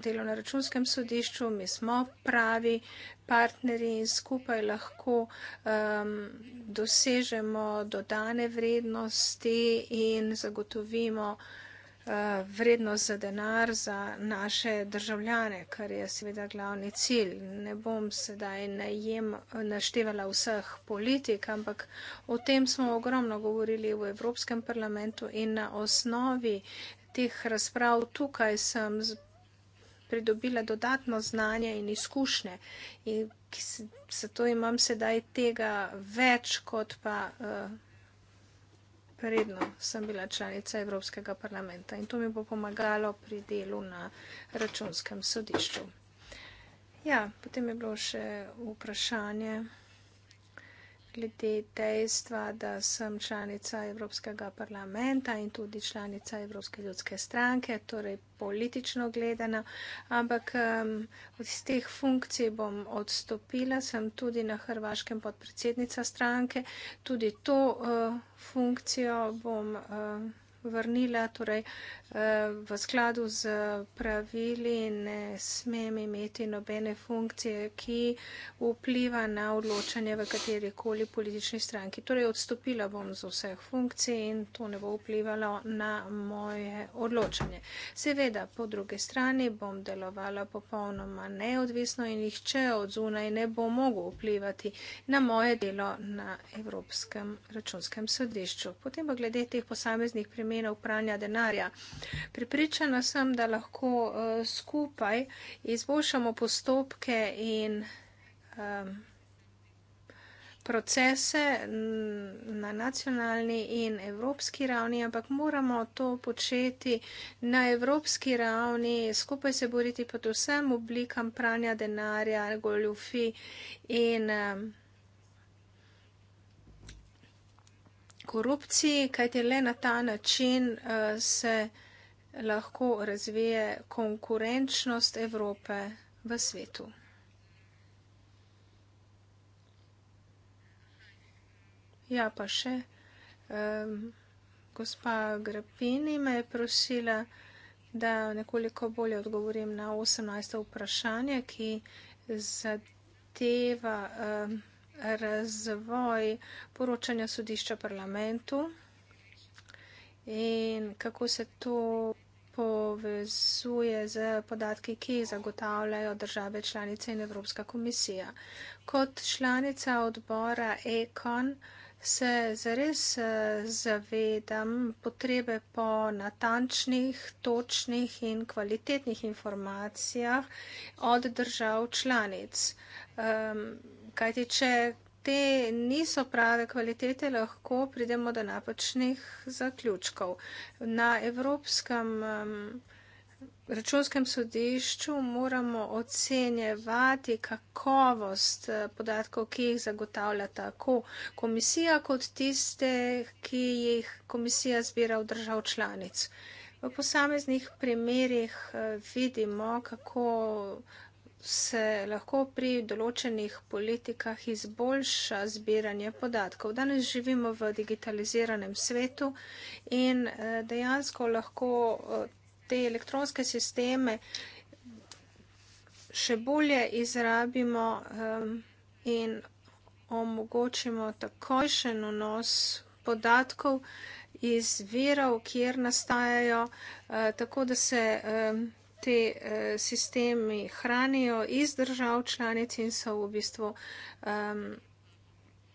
delo na računskem sodišču. Mi smo pravi partneri in skupaj lahko um, dosežemo dodane vrednosti in zagotovimo uh, Eh, vrednost za denar za naše državljane, kar je seveda glavni cilj. Ne bom sedaj najem naštevala vseh politik, ampak o tem smo ogromno govorili v Evropskem parlamentu in na osnovi teh razprav tukaj sem pridobila dodatno znanje in izkušnje. In zato imam sedaj tega več kot pa. Uh, Predno sem bila članica Evropskega parlamenta in to mi bo pomagalo pri delu na računskem sodišču. Ja, potem je bilo še vprašanje glede dejstva, da sem članica Evropskega parlamenta in tudi članica Evropske ljudske stranke, torej politično gledana, ampak um, iz teh funkcij bom odstopila, sem tudi na Hrvaškem podpredsednica stranke, tudi to uh, funkcijo bom. Uh, vrnila, torej eh, v skladu z pravili ne smem imeti nobene funkcije, ki vpliva na odločanje v katerikoli politični stranki. Torej odstopila bom z vseh funkcij in to ne bo vplivalo na moje odločanje. Seveda, po druge strani bom delovala popolnoma neodvisno in nihče od zunaj ne bo mogel vplivati na moje delo na Evropskem računskem sodišču. Potem pa glede teh posameznih primerov namene upranja denarja. Pripričana sem, da lahko uh, skupaj izboljšamo postopke in um, procese na nacionalni in evropski ravni, ampak moramo to početi na evropski ravni, skupaj se boriti pod vsem oblikam pranja denarja, goljufi in um, korupciji, kajte le na ta način eh, se lahko razvije konkurenčnost Evrope v svetu. Ja, pa še. Um, gospa Grapini me je prosila, da nekoliko bolje odgovorim na 18. vprašanje, ki zadeva. Um, razvoj poročanja sodišča parlamentu in kako se to povezuje z podatki, ki jih zagotavljajo države članice in Evropska komisija. Kot članica odbora ECON se zares eh, zavedam potrebe po natančnih, točnih in kvalitetnih informacijah od držav članic. Um, Kajti, če te niso prave kvalitete, lahko pridemo do napačnih zaključkov. Na Evropskem um, računskem sodišču moramo ocenjevati kakovost eh, podatkov, ki jih zagotavlja tako komisija, kot tiste, ki jih komisija zbira v držav članic. V posameznih primerjih eh, vidimo, kako se lahko pri določenih politikah izboljša zbiranje podatkov. Danes živimo v digitaliziranem svetu in eh, dejansko lahko eh, te elektronske sisteme še bolje izrabimo ehm, in omogočimo takojšen vnos podatkov iz virov, kjer nastajajo, eh, tako da se ehm, ti eh, sistemi hranijo iz držav članic in so v bistvu eh,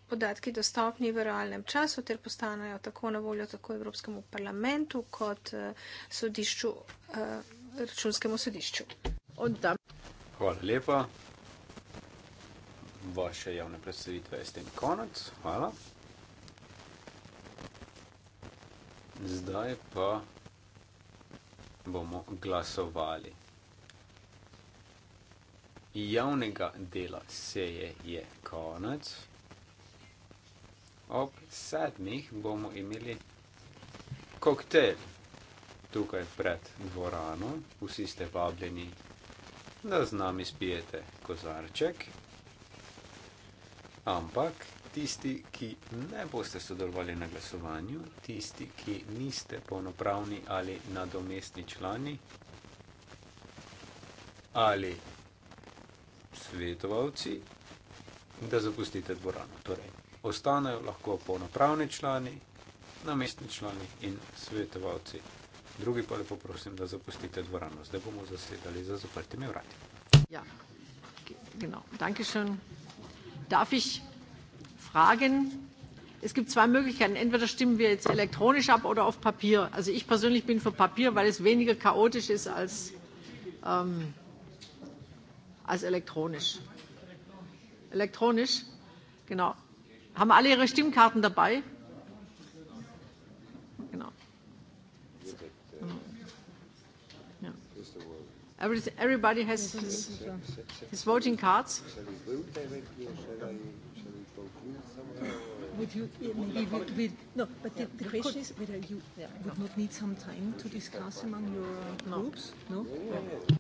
podatki dostopni v realnem času ter postanejo tako na voljo tako Evropskemu parlamentu kot eh, sodišču, eh, računskemu sodišču. Oddam. Hvala lepa. Vaše javne predstavitve je s tem konec. Hvala. Zdaj pa bomo glasovali. Javnega dela seje je konec. Ob sedmih bomo imeli koktejl tukaj pred dvorano. Vsi ste vabljeni, da z nami spijete kozarček. Ampak tisti, ki ne boste sodelovali na glasovanju, tisti, ki niste polnopravni ali nadomestni člani ali svetovalci, da zapustite dvorano. Torej, ostanejo lahko polnopravni člani, namestni člani in svetovalci. Drugi pa lepo prosim, da zapustite dvorano. Zdaj bomo zasedali za zaprtimi vrati. Ja, genau. Dankeschön. Darf ich Fragen? Es gibt zwei Möglichkeiten. Entweder stimmen wir jetzt elektronisch ab oder auf Papier. Also ich persönlich bin für Papier, weil es weniger chaotisch ist als, ähm, als elektronisch. Elektronisch? Genau. Haben alle Ihre Stimmkarten dabei? Genau. Ja. Everybody has his, his voting cards. Would you maybe would, would, no? But the, the question is whether you would not need some time to discuss among your no. groups. No. no? Yeah.